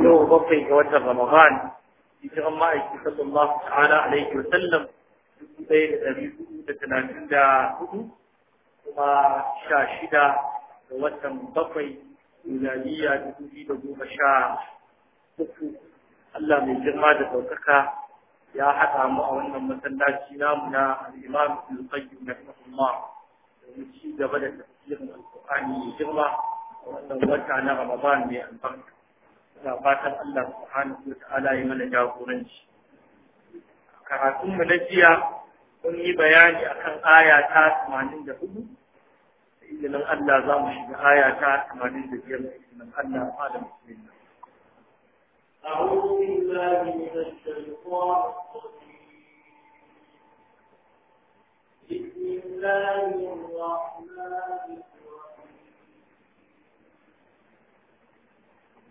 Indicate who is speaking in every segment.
Speaker 1: yau bakwai ga watan Ramadan hijiran ma'aiki sallallahu ta'ala alaihi wa sallam dubu ɗaya da ɗari hudu da talatin da hudu kuma sha shida ga watan bakwai miladiyya dubu biyu da goma sha uku Allah mai girma da ɗaukaka ya haɗa mu a wannan masallaci namu na al-Imam Ibn Qayyim rahimahullah domin ci gaba da tafsirin Al-Qur'ani mai girma wannan wata na Ramadan mai albarka ina fatan Allah subhanahu wa ta'ala ya mana jagoranci karatun mu na jiya mun yi bayani akan aya ta 84 idan Allah za mu shiga aya ta 85 idan Allah ya fada bismillah أعوذ بالله بسم الله الرحمن الرحيم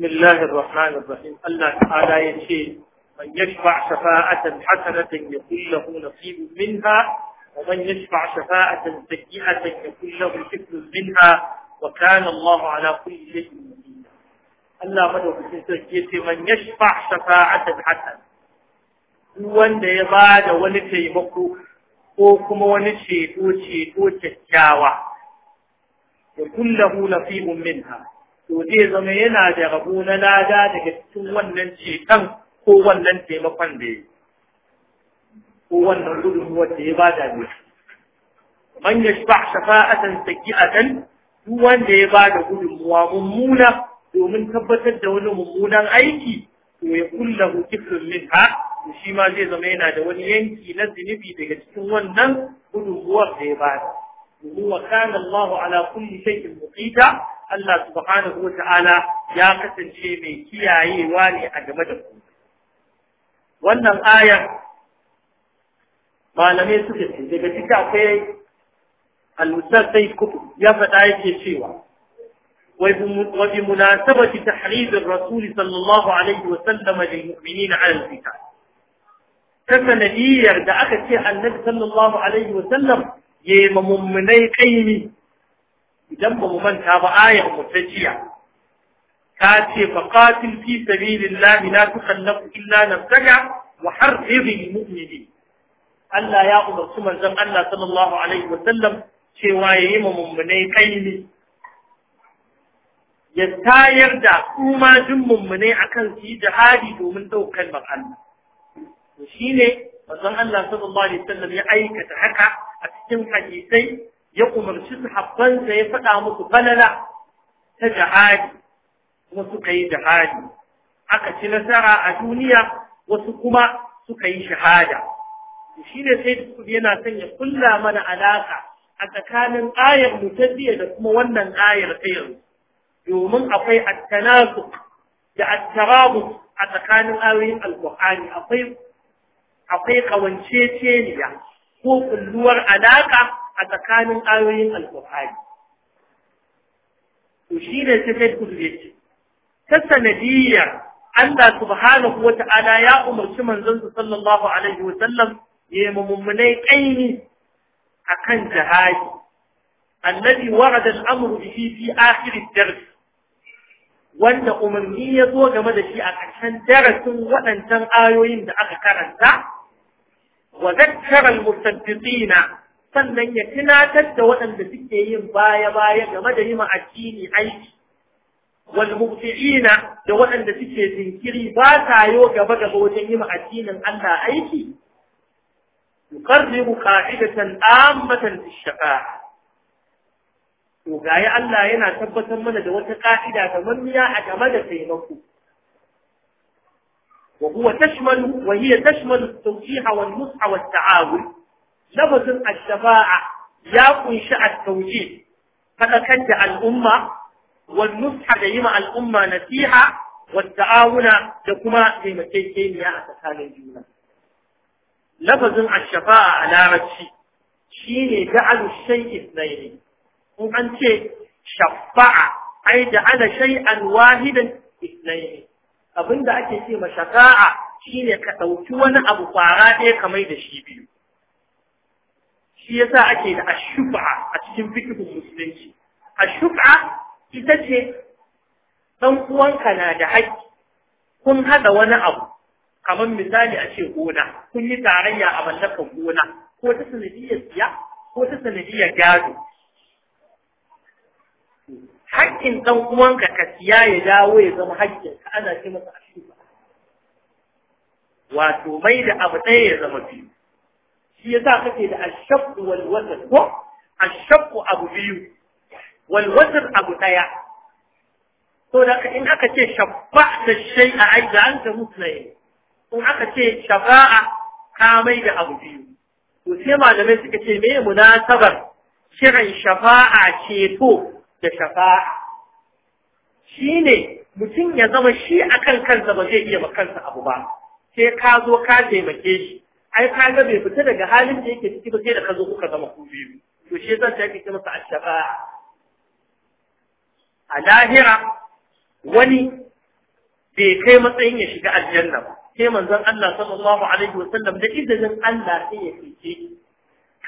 Speaker 1: بسم الله الرحمن الرحيم الله تعالى يشيء من يشفع شفاعة حسنة يكون له نصيب منها ومن يشفع شفاعة سيئة يكون له شكل منها وكان الله على كل شيء مقيتا الله مدعو بسيطة من يشفع شفاعة حسنة wanda ya ba da wani taimako ko kuma wani ceto ceto kyakkyawa ya kullahu nasibun minha to zai zama yana da rabu na lada daga cikin wannan ceton ko wannan taimakon da ya ko wannan gudun da ya bada ne man saki a kan duk wanda ya bada wa mummuna domin tabbatar da wani mummunan aiki to ya kullahu min minha to shi ma zai zama yana da wani yanki na zinibi daga cikin wannan gudun da ya bada وهو كان الله على كل شيء مقيتا الله سبحانه وتعالى يا قسم شيء من كياي والي أجمدك وأن الآية ما لم يسكت إذا كنت أخي المستاذ سيد كتب يفت آية الشيوة وبمناسبة تحريض الرسول صلى الله عليه وسلم للمؤمنين على الفتاة كما نبي يرد أخي النبي صلى الله عليه وسلم ya yi kai kaimi idan ba mu manta ba ayar mu ta jiya ta ce fa qatil fi sabilillahi la tukallafu illa nafsaka wa harhidil Allah ya umarci manzon Allah sallallahu alaihi wa sallam cewa yayi mummunai kaimi ya tayar da kuma jin mummunai akan su yi jihadi domin daukar Allah shi ne. manzon Allah sallallahu alaihi wasallam ya aikata haka a cikin hadisai ya umarci sa, ya faɗa musu falala ta jihadi kuma suka yi jihadi aka ci nasara a duniya wasu kuma suka yi shahada shi ne sai yana son ya kulla mana alaka a tsakanin ayar mutaddiya da kuma wannan ayar ta yanzu domin akwai at da at a tsakanin ayoyin alqur'ani akwai akwai ƙawanceceniya ko kulluwar alaƙa a tsakanin ayoyin alkur'ani to shi ne ta sanadiyar Allah subhanahu wa ta'ala ya umarci manzon sallallahu alaihi wa sallam ya mummunai kaini akan jihadi الذي وعد الأمر به wanda umarni ya zo game da shi a ƙarshen darasin waɗancan ayoyin da aka karanta wa zakkara sannan ya tunatar da waɗanda suke yin baya-baya game da yin addini aiki wal mubti'ina da waɗanda suke jinkiri ba ta yo gaba gaba wajen yin addinin Allah aiki yuqarribu qa'idatan ammatan fi to gaya Allah yana tabbatar mana da wata ka'ida ta miya a game da taimako وهو تشمل وهي تشمل التوجيه والنصح والتعاون لفظ الشفاعة يا كنشاء التوجيه فلكد الأمة والنصح ديما الأمة نسيحة والتعاون لكما ديما كيكين يا أتكال الجنة لفظ الشفاعة على رجشي شيني جعل الشيء اثنين وأنت شفاعة أي جعل شيئا واحدا اثنين Abin da ake ce ma shafa'a shine ka ɗauki wani abu fara ɗaya kamar da shi biyu shi ya sa ake da ashufa a cikin fikihin musulunci ashufa ita ce ɗan uwanka na da haƙƙi kun haɗa wani abu kamar misali a ce gona kun yi tarayya a mallakan gona ko ta sanadiyar siya ko ta sanadiyar gado haƙƙin ɗan uwanka ka siya ya dawo ya zama haƙƙin ka ana ce masa ashiba wato mai da abu ɗaya ya zama biyu shi yasa kake da ashabu wal wasl ko ashabu abu biyu wal wasl abu ɗaya to da in aka ce shabba'ta a ai da anta muslimin in aka ce shafa'a ka mai da abu biyu to sai malamai suka ce me munasabar kiran shafa'a ceto da shafa'a shi ne mutum ya zama shi akan kansa ba zai iya ba kansa abu ba sai ka zo ka taimake shi ai ka ga bai fita daga halin da yake ciki ba sai da ka zo kuka zama ku biyu to shi yasa masa a a lahira wani bai kai matsayin ya shiga aljanna ba sai manzon Allah sallallahu alaihi wasallam da izinin Allah sai ya fice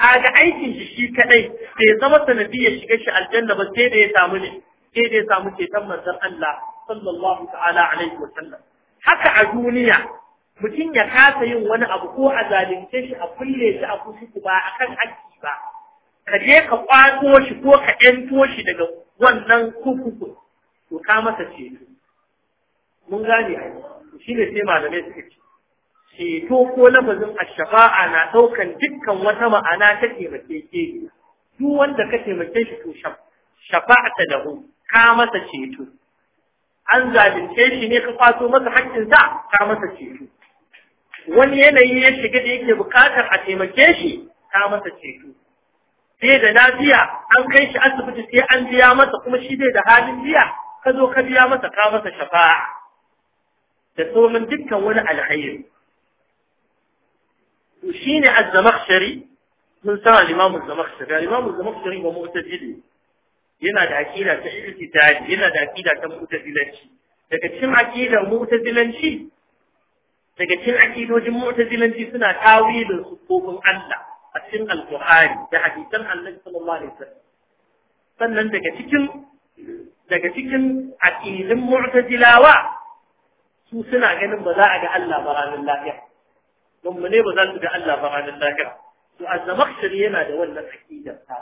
Speaker 1: ga aikin shi shi kadai bai zama ya shiga shi aljanna ba sai da ya samu ne sai da ya samu ceton manzon Allah sallallahu ta'ala alaihi wa sallam haka a duniya mutum ya kasa yin wani abu ko a zalunce shi a kulle shi a kusuku ba akan haƙƙi ba ka je ka kwato shi ko ka ƴanto shi daga wannan kukuku to ka masa ceto mun gane shi ne sai malamai suka ce ceto ko lafazin ashafa'a na ɗaukan dukkan wata ma'ana ta taimake ke duk wanda ka taimake shi to shafa'ata lahu ka masa ceto an zalunce shi ne ka kwato masa haƙƙinsa ka masa ceto wani yanayi ya shiga da yake bukatar a taimake shi ka masa ceto sai da lafiya an kai shi asibiti sai an biya masa kuma shi zai da halin biya ka zo ka biya masa ka masa shafa'a da sauran dukkan wani alheri to shine az-zamakhshari mun san al-imam az-zamakhshari al-imam az-zamakhshari ba mu'tazili yana da aqida ta ijtihad yana da aqida ta mu'tazilanci daga cikin aqidar mu'tazilanci daga cikin aqidojin mu'tazilanci suna tawilin sufofin Allah a cikin al-Bukhari da hadisan Annabi sallallahu alaihi wasallam sannan daga cikin daga cikin su suna ganin ba za a ga Allah ba ranar lafiya ne ba za su ga Allah ba ranar lahira to azzamakshari yana da wannan aqidar ta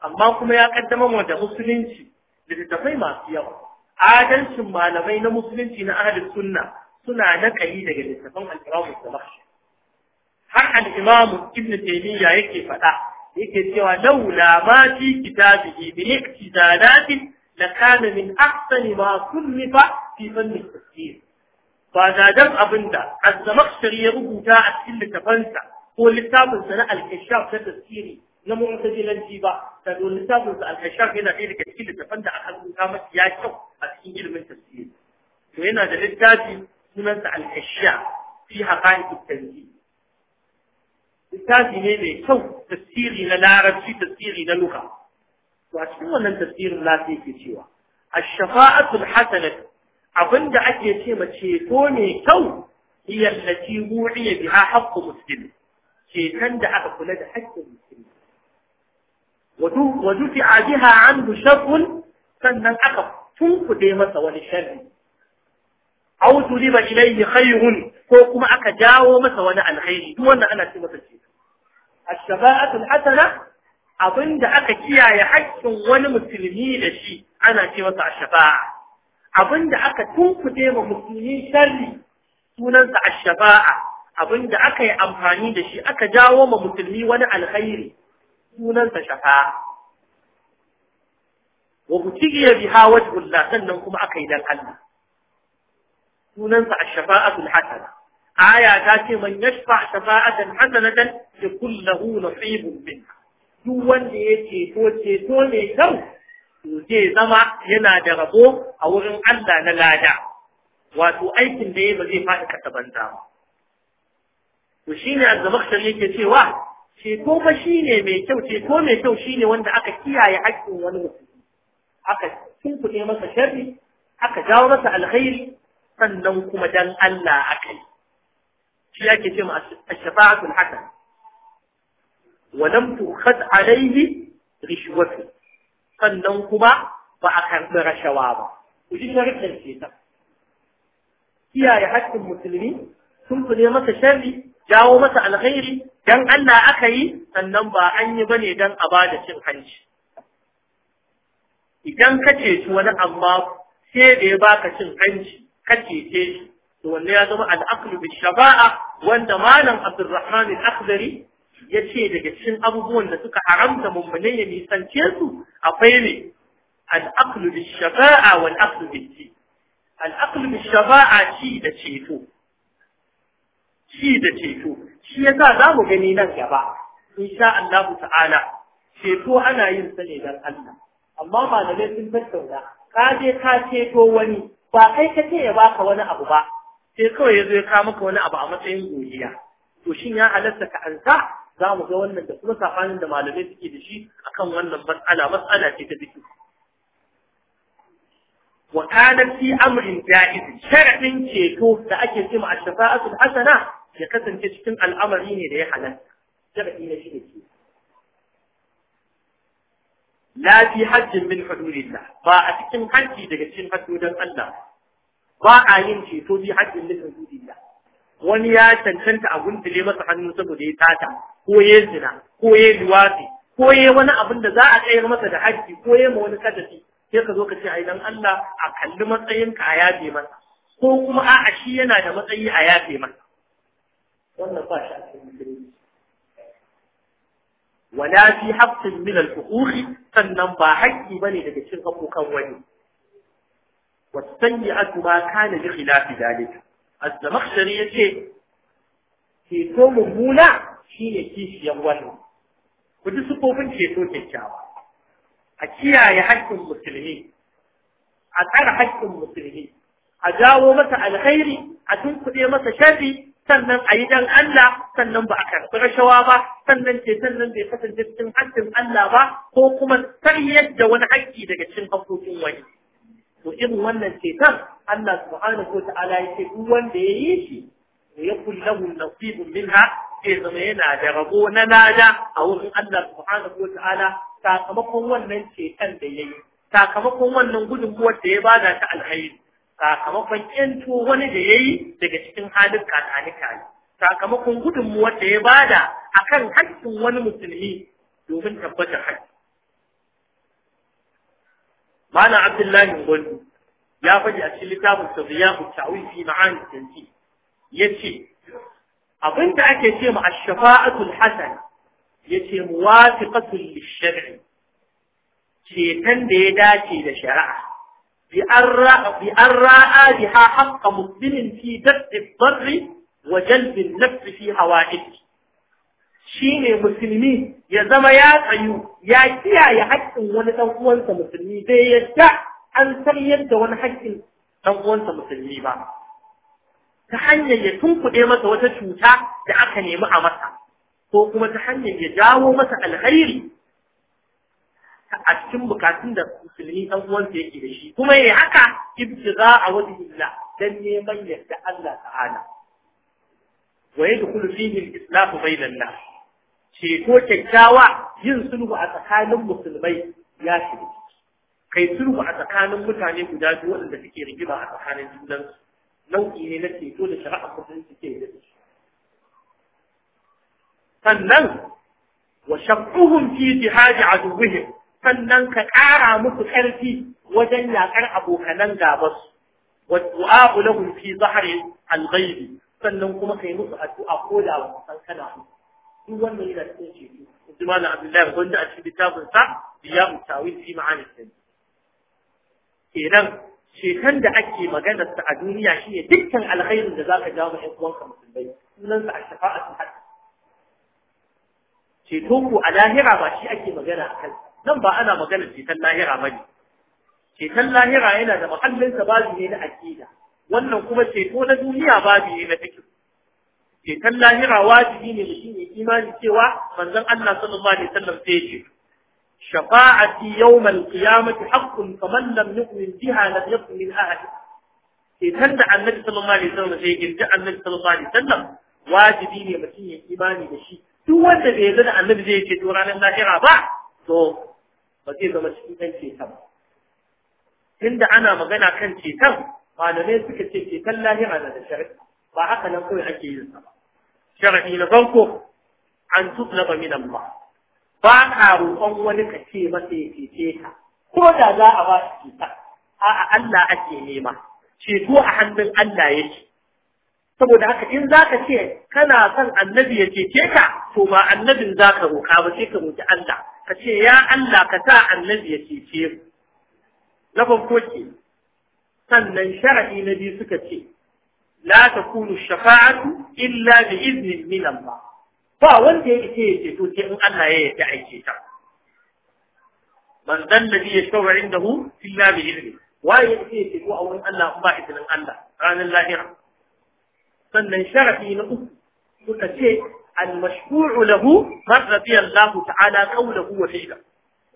Speaker 1: amma kuma ya kaddama mu da musulunci littattafai masu yawa adalcin malamai na musulunci na ahlus sunna suna nakali daga littattafan al-Imam har al imamu Ibn Taymiyyah yake faɗa yake cewa laula ma fi kitabihi bi iktizalatin la kana min ahsani ma kunnifa fi fanni tafsir فزادر أبندا عز مقصر يرغوتا كل كفنسا هو اللي تابل سنة الكشاف تتسيري نمو عمتدي لنجيبا تابل اللي تابل سنة الكشاف هنا في لك أسئل كفنسا أخذ مكامس ياشو أسئل من تسيري وهنا دلت كاتي سنسا الكشاف فيها قائد التنزيل الكاتي هنا يسو تسيري للعرب في تسيري للغة وأسئل من تسيري لا تيكي سوا الشفاءة الحسنة abin da ake ce mace ceto mai kyau hiya allati biha haqqu muslim ceton da aka kula da haƙƙin musulmi wa dufi'a biha anhu sharrun sannan aka tunkuɗe masa wani sharri aw turiba ilayhi khayrun ko kuma aka jawo masa wani alkhairi duk wannan ana ce masa ceto ash-shafa'atu al-hasana abinda aka kiyaye haƙƙin wani musulmi da shi ana ce masa ash-shafa'a abinda aka tunkuɗe ma musulmi sharri sunansa a shafaa abinda aka yi amfani da shi aka jawo ma musulmi wani alkhairi sunansa shafa'a wa bi hawa wajhullah sannan kuma aka yi dan Allah sunansa ash-shafa'atul hasana aya ta ce man yashfa shafa'atan hasanatan yakul lahu nasibun minha duk wanda ya ceto ceto ne kyau zai zama yana da rabo a wurin Allah na lada wato aikin da ya ba zai faɗi kasa banza ba to shine azzamakshari yake cewa ceto fa shine mai kyau ceto mai kyau shine wanda aka kiyaye haƙƙin wani mutum aka tunkuɗe masa sharri aka jawo masa alkhairi sannan kuma dan Allah akai shi yake ce ma ash-shafa'atul hasan wa lam tukhad alayhi sannan kuma ba a karɓi rashawa ba ku ji sharuɗin ce ta kiyaye haƙƙin musulmi sun fi masa sharri jawo masa alkhairi dan Allah aka yi sannan ba an yi ba ne dan a ba da cin hanci idan ka ceci wani amma sai da ya baka cin hanci ka cece shi to wanne ya zama al shafa'a wanda malam Abdulrahman al-Akhdari ya ce daga cikin abubuwan da suka haramta mummunai ya nisance su akwai ne al'aqlu bi shafa'a wal aqlu bi ci bi shafa'a ci da ceto ci da ceto shi yasa za mu gani nan gaba insha Allah ta'ala ceto ana yin sa ne dan Allah amma ba da laifin tattauna ka je ka ceto wani ba kai ka ce ya baka wani abu ba sai kawai ya zo ya kawo maka wani abu a matsayin godiya to shin ya halatta ka ansa za mu ga wannan da kuma safanin da malamai suke da shi akan wannan matsala matsala ce ta biki wa kana fi amrin jaiz sharadin ceto da ake cewa ash-shafa'atu hasana ya kasance cikin al'amari ne da ya halatta sharadi ne shi ne la fi hajjin min hududillah ba a cikin hajji daga cikin hududin Allah ba a yin ceto bi hajjin min hududillah wani ya cancanta a gundule masa hannu saboda ya tata ko ya zina ko ya luwafi ko ya wani abin da za a tsayar masa da haƙƙi ko ya ma wani kadafi sai ka zo ka ce ai dan Allah a kalli matsayin ka a yafe masa ko kuma a'a shi yana da matsayi a yafe masa wannan ba shi a cikin wala fi haqqin min al sannan ba haƙƙi bane daga cin haƙoƙan wani والسيئة ما كان بخلاف ذلك الزمخشري يجي ke to mummuna shi ne kishiyar wannan ku ji sufofin ceto kyakkyawa a kiyaye haƙƙin musulmi a tsara haƙƙin musulmi a jawo masa alkhairi a tunkuɗe masa sharri sannan a yi dan Allah sannan ba a karɓi rashawa ba sannan ce sannan bai kasance cikin haƙƙin Allah ba ko kuma sariyar da wani haƙƙi daga cikin haƙƙoƙin wani to irin wannan ceton Allah subhanahu wa ta'ala ya ce duk wanda ya yi shi ya kullahu nasibun minha ke zama yana da rago na lada a wurin Allah subhanahu wataala sakamakon wannan ceton da yayi sakamakon wannan kuwa da ya bada ta alkhairi sakamakon kento wani da yayi daga cikin halin kakanika ne sakamakon mu wanda ya bada akan haƙƙin wani musulmi domin tabbatar haƙƙi Mana Abdullahi Gwandu ya faɗi a cikin littafin Sabiyahu ta'awi fi Ma'ani Tanzi yace abinda ake ce mu ash-shafa'atul hasana yace muwafiqatul lish-shar'i cetan da ya dace da shari'a bi arra bi arra'a biha fi daf'i dharri wa jalbi an-nafs fi hawa'id shine musulmi ya zama ya tsayu ya kiyaye haƙƙin wani dan uwansa musulmi bai yarda an san yadda wani haƙƙin dan uwansa musulmi ba ta hanyar ya tunkuɗe masa wata cuta da aka nemi a masa ko kuma ta hanyar ya jawo masa alhairi a cikin bukatun da musulmi ɗan uwansa yake da shi kuma ya haka za a wani illa don neman yadda Allah ta'ala da yadkhulu fihi al-islahu bayna ceto kyakkyawa yin sulhu a tsakanin musulmai ya shiga kai sulhu a tsakanin mutane guda biyu waɗanda suke rigima a tsakanin junansu nau'i ne na ceto da shari'a kudin su ke da shi sannan wa shaqquhum fi jihad aduwwihim sannan ka ƙara musu ƙarfi wajen yaƙar abokanan gabansu wa du'a fi zahri al sannan kuma kai musu addu'a ko da ba san kana duk wannan yana cikin ceto Abdullahi wanda a cikin littafin sa biya mutawil fi ma'anin kenan shekan da ake maganarsa a duniya shi ne dukkan alkhairin da za ka jawo ɗan uwanka musulmai sunansa a shafa'atun haɗi ceto ku a lahira ba shi ake magana a kan nan ba ana magana ceton lahira ba ne ceton lahira yana da sa babu ne na aƙida wannan kuma ceto na duniya babu ne na fikir ceton lahira wajibi ne mutum ya imani cewa manzon Allah sallallahu alaihi wasallam sai ya ceto shafa'ati yawmal qiyamati haqqun faman lam yu'min biha lam yakun min ahli idan da annabi sallallahu alaihi wasallam sai girji annabi sallallahu alaihi wasallam wajibi ne mutum ya imani da shi duk wanda bai yarda da annabi zai ce to lahira ba to ba zai zama cikin ɗan ceton tunda ana magana kan ceton malamai suka ce ceton lahira na da shari'a ba haka na kawai ake yin na farko an tutlaba min ba na roƙon wani ka ce masa ya cece ka ko da za a ba shi cuta a'a Allah ake nema ceto a hannun Allah yake saboda haka in zaka ce kana son annabi ya cece ka to ba annabin za ka roƙa ba sai ka roƙi Allah ka ce ya Allah ka sa annabi ya cece mu na farko ke sannan sharaɗi na biyu suka ce la takunu shafa'atu illa bi izinin min Allah ba wanda ya ce ya ceto sai in Allah ya yarda aike ta man dan ladhi inda hu illa bi idni waye ya ce ya ceto a wurin Allah ba idan Allah ranar lahira sannan sharafi na uku suka ce al-mashfu'u lahu man radiyallahu ta'ala qawluhu wa fi'luhu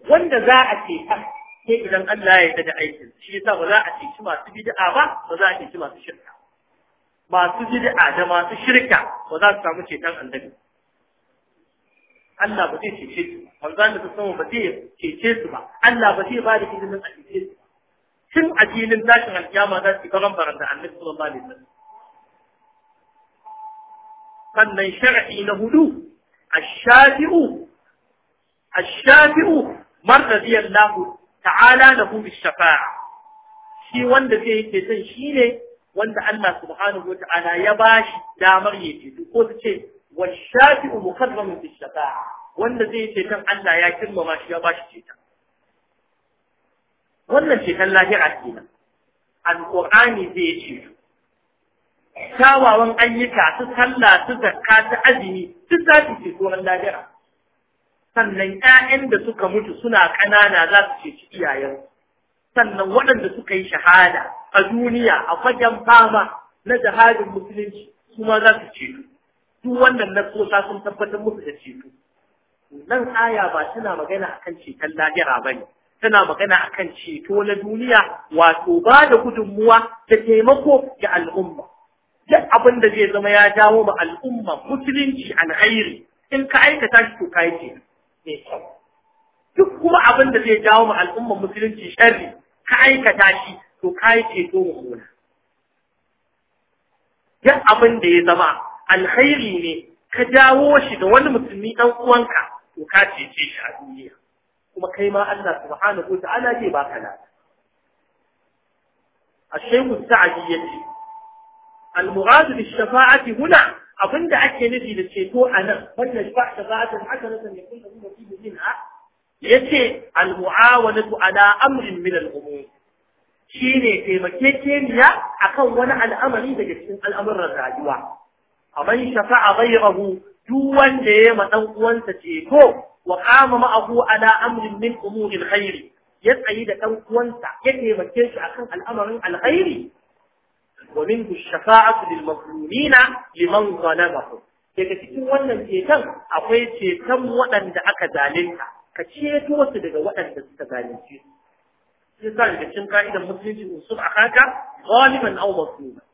Speaker 1: wanda za a ta sai idan Allah ya yi da aikin shi yasa ba za a shi masu bid'a ba ba za a shi masu shirka masu bid'a da masu shirka ba za su samu ceton annabi Allah ba zai cece su ba, manzon da sama ba zai cece su ba Allah ba zai ba da izinin a cece su tun a filin tashin alkiyama za su yi karan baranda annabi sallallahu alaihi wasallam sannan shar'i na hudu ash-shafi'u ash-shafi'u man radiyallahu ta'ala lahu bis-shafa'a shi wanda zai yake shi ne wanda Allah subhanahu wata'ala ya bashi damar yake ko su ce والشافع مكرم في الشفاعة wanda zai ce kan Allah ya kirmama shi ya bashi ceton wannan ceton lahira kenan alqur'ani zai ce kyawawan ayyuka su sallah su zakka su azumi duk za tsoron lahira sannan ƴaƴan da suka mutu suna ƙanana za su ceci iyayensu sannan waɗanda suka yi shahada a duniya a fagen fama na jihadin musulunci su ma za su ceto duk wannan na kosa sun tabbatar musu da ceto nan aya ba tana magana akan ceton lahira ne, tana magana akan ceto na duniya wato ba da gudunmuwa da taimako ga al'umma duk abin da zai zama ya jawo ma al'umma musulunci alkhairi in ka aikata shi to kai ce eh, duk kuma abin da zai jawo ma al'umma musulunci sharri ka aikata shi to kai ce to mu duk abin da ya zama alkhairi ne ka dawo shi da wani mutumi dan uwanka ko ka ce shi a duniya kuma kai ma Allah subhanahu wa ta'ala zai baka lada ash-shaykhu sa'di yace al-murad bi shafa'ati huna abinda ake nufi da ceto a nan wanda shafa'a shafa'atun hasanatan yakun lahu nasibun minha yace al-mu'awanatu ala amrin min al-umur shine taimakekeniya akan wani al'amari daga cikin al'amuran rayuwa amman shafa'a ghayrahu duk wanda ya ma dan uwansa ceto wa qama ma'ahu ala amrin min umuri alkhairi ya tsayi da dan uwansa ya shi akan al'amarin alkhairi wa minhu ash-shafa'atu lil mazlumina liman zalamahum daga cikin wannan ceton akwai ceton waɗanda aka zalunta ka ceto su daga waɗanda suka zalunce su sai sa daga cikin ka'idar musulunci usul akaka ghaliban aw mazluman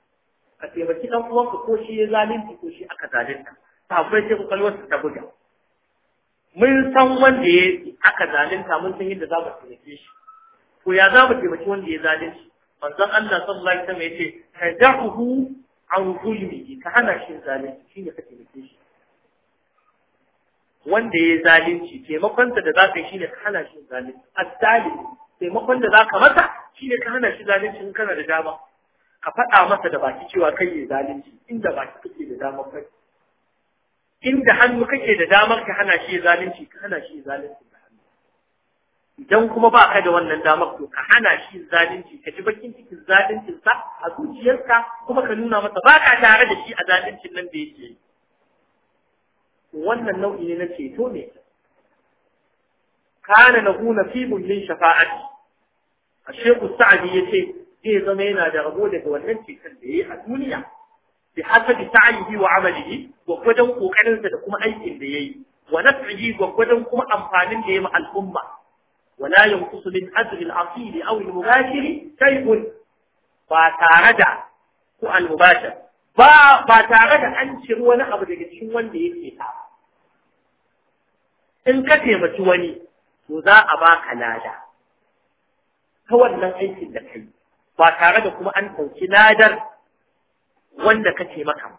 Speaker 1: ka taimaki dan uwanka ko shi ya zalunci ko shi aka zalunta akwai sai kwakwalwarsa ta buga mun san wanda ya aka zalunta mun san yadda za mu taimake shi Ko ya za mu taimaki wanda ya zalunci manzon Allah sallallahu alaihi wasallam yace tajahu an zulmihi ka hana shi zalunci shine ka taimake shi wanda ya zalunci taimakon da za ka yi shine ka hana shi zalunci azzalimi taimakon da za ka masa shine ka hana shi zalunci in kana da dama ka faɗa masa da baki cewa kai ne zalunci inda baki kake da damar kai inda hannu kake da damar ka hana shi zalunci ka hana shi zalunci da hannu idan kuma ba ka da wannan damar to ka hana shi zalunci ka ji bakin cikin zaluncin sa a zuciyarka kuma ka nuna masa ba ka tare da shi a zaluncin nan da yake wannan nau'i ne na ceto ne kana lahu fi min shafa'ati الشيخ ya ce. zai zama yana da rabo daga wannan cutar da ya yi a duniya bi hasabi sa'ihi wa amalihi wa gwadan kokarin da kuma aikin da ya yi, wa naf'ihi wa gwadan kuma amfanin da yayi ma al'umma wala yanqusu min ajri al-asil aw al-mubashir shay'un ba tare da ku al-mubashir ba ba tare da an ciri wani abu daga cikin wanda yake ta in ka taimaki wani to za a baka lada ta wannan aikin da kai ba tare da kuma an ɗauki ladar wanda ka taimaka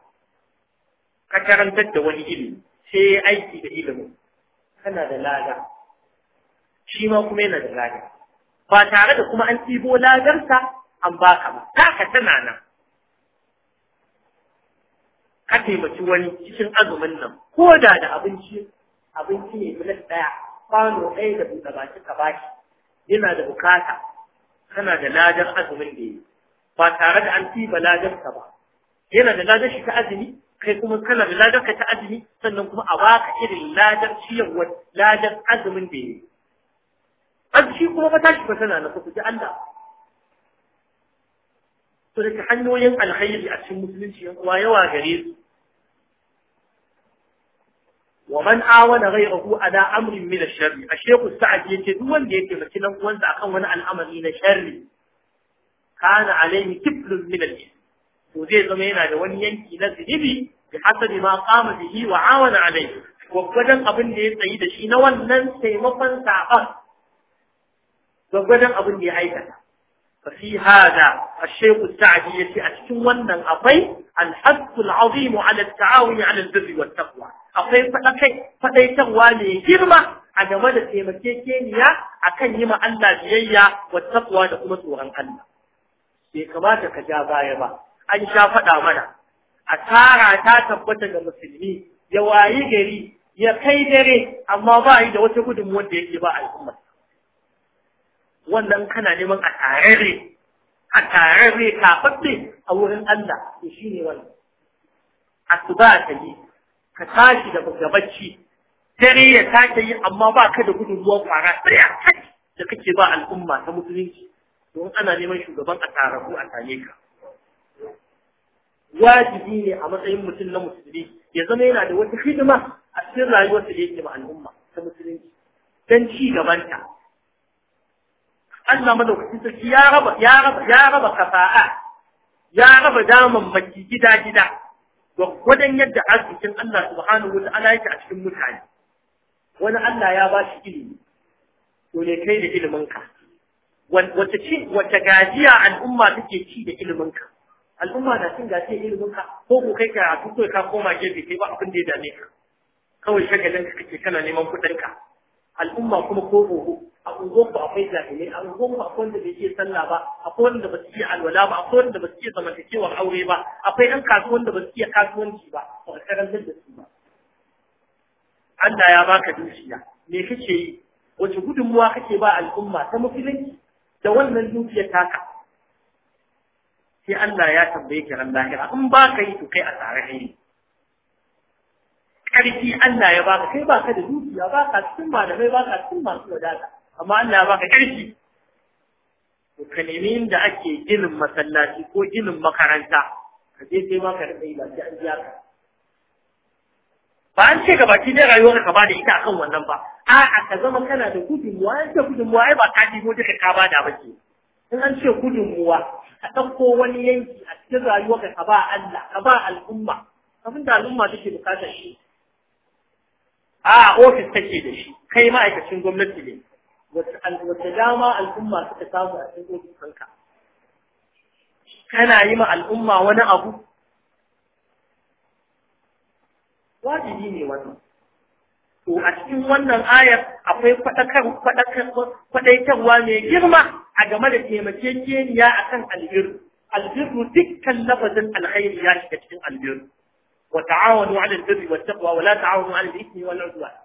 Speaker 1: ka karantar da wani ilimi sai aiki da ilimin kana da lada shi ma kuma yana da lada ba tare da kuma an ɗibo ladarsa an baka ba ka tana nan ka taimaki wani cikin azumin nan ko da da abinci abinci ne ɗaya kwano ɗaya da buɗe baki ka shi yana da bukata kana da ladar azumin da yi ba tare da an ba ladar ka ba yana da ladar shi ta azumi kai kuma kana da ladar ka ta azumi sannan kuma a baka irin ladar ciyarwar ladar azumin da yi an shi kuma ba tashi ba tana na kuku ji Allah to da hanyoyin alkhairi a cikin musulunci yan uwa yawa gare su wa man awana ghayrahu ala amrin min ash-sharr ash-shaykh sa'd yace duk wanda ya baki nan uwansa akan wani al'amari na sharri kana alaihi kiflun min al to zai zama yana da wani yanki na zibi bi hasabi ma qama bihi wa awana alaihi gwagwadon abin da ya tsayi da shi na wannan taimakon saban gwagwadon abin da ya aikata ففي هذا الشيخ السعدي يتي أشكو ونن أطي الحث العظيم على التعاون على البر والتقوى أطي فأكي فأي تغواني جرمة على مدى تيمكيكينيا أكن يما ألا بيئيا والتقوى لكمة وغن ألا بكما تكجابا يبا أن شافت آمنا أتارا تاتبت المسلمين يوايقري ya kai dare amma ba yi da wata gudunmuwar da yake ba al'ummar wannan kana neman a tarare a tarare kafaffe a wurin Allah to shine wannan asuba ta yi ka tashi daga bacci dare ya sake yi amma ba ka da gudun gudunmuwa kwara kai da kake ba al'umma ta musulunci don ana neman shugaban a tarafu a same ka wajibi ne a matsayin mutum na musulmi ya zama yana da wata hidima a cikin rayuwarsa da yake ma al'umma ta musulunci don ci gabanta Allah madaukakin sarki ya raba ya raba ya raba kafa'a ya raba daman maki gida gida gwadan yadda arzikin Allah subhanahu wata'ala yake a cikin mutane wani Allah ya ba shi ilimi to ne kai da iliminka wata ci wata gajiya al'umma take ci da iliminka al'umma na cin gajiyar iliminka ko ko kai karatu ko ka koma gefe kai ba abin da ya dame ka kawai shagalin ka kake kana neman kuɗinka al'umma kuma ko oho a unguwan ba akwai jahilai a unguwan ba akwai wanda bai iya sallah ba akwai wanda ba su iya alwala ba akwai wanda ba su iya zamantakewar aure ba akwai ɗan kasuwan da ba su iya kasuwanci ba ba ka karantar da su ba Allah ya baka dukiya me kake yi wace gudunmuwa kake ba al'umma ta musulunci da wannan dukiyar taka sai Allah ya tambaye ki ran lahira in ba ka yi to kai a tsare ne ƙarfi Allah ya baka kai baka da dukiya baka cikin malamai baka cikin masu wadata amma Allah ya baka ƙarfi to kalimin nemi inda ake ginin masallaci ko ginin makaranta ka je sai ma ka rika yi ba an biya ka ba an ce ki dai rayuwar ka ba da ita akan wannan ba a'a ka zama kana da gudunmuwa an ce gudunmuwa ai ba ka ko duka ka bada ba ke in an ce gudunmuwa ka ɗauko wani yanki a cikin rayuwar ka ka ba Allah ka ba al'umma abin da al'umma take bukatar shi a ofis take da shi kai ma'aikacin gwamnati ne wata dama al'umma suka samu a cikin ofisanka kana yi ma al'umma wani abu wajibi ne wannan to a cikin wannan ayar akwai faɗaitarwa mai girma a game da taimakekeniya a kan albirru albirru dukkan lafazin alkhairi ya shiga cikin albirru wa ta'awanu 'ala albirri wattaqwa wa la ta'awanu 'ala al-ithmi wal 'udwan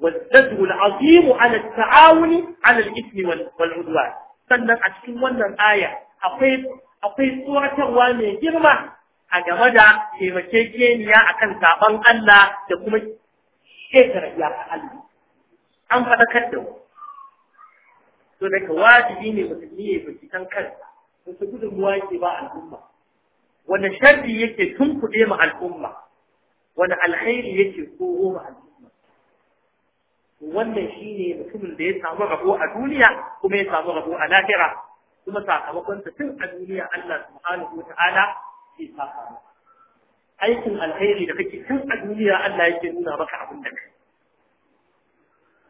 Speaker 1: والذنب العظيم على التعاون على الإثم والعدوان sannan a cikin wannan aya akwai akwai tsoratarwa mai girma a game da taimakekeniya akan saban Allah da kuma ƙetare iyaka Allah an faɗakar da to daga wajibi ne kansa yake ba al'umma wani sharri yake tunkuɗe ma al'umma wani alkhairi yake koro ma al'umma wannan shi ne mutumin da ya samu rabo a duniya kuma ya samu rabo a lahira kuma sakamakon ta tun a duniya Allah subhanahu wata'ala ke saka aikin alheri da kake tun a duniya Allah yake nuna maka abin da kai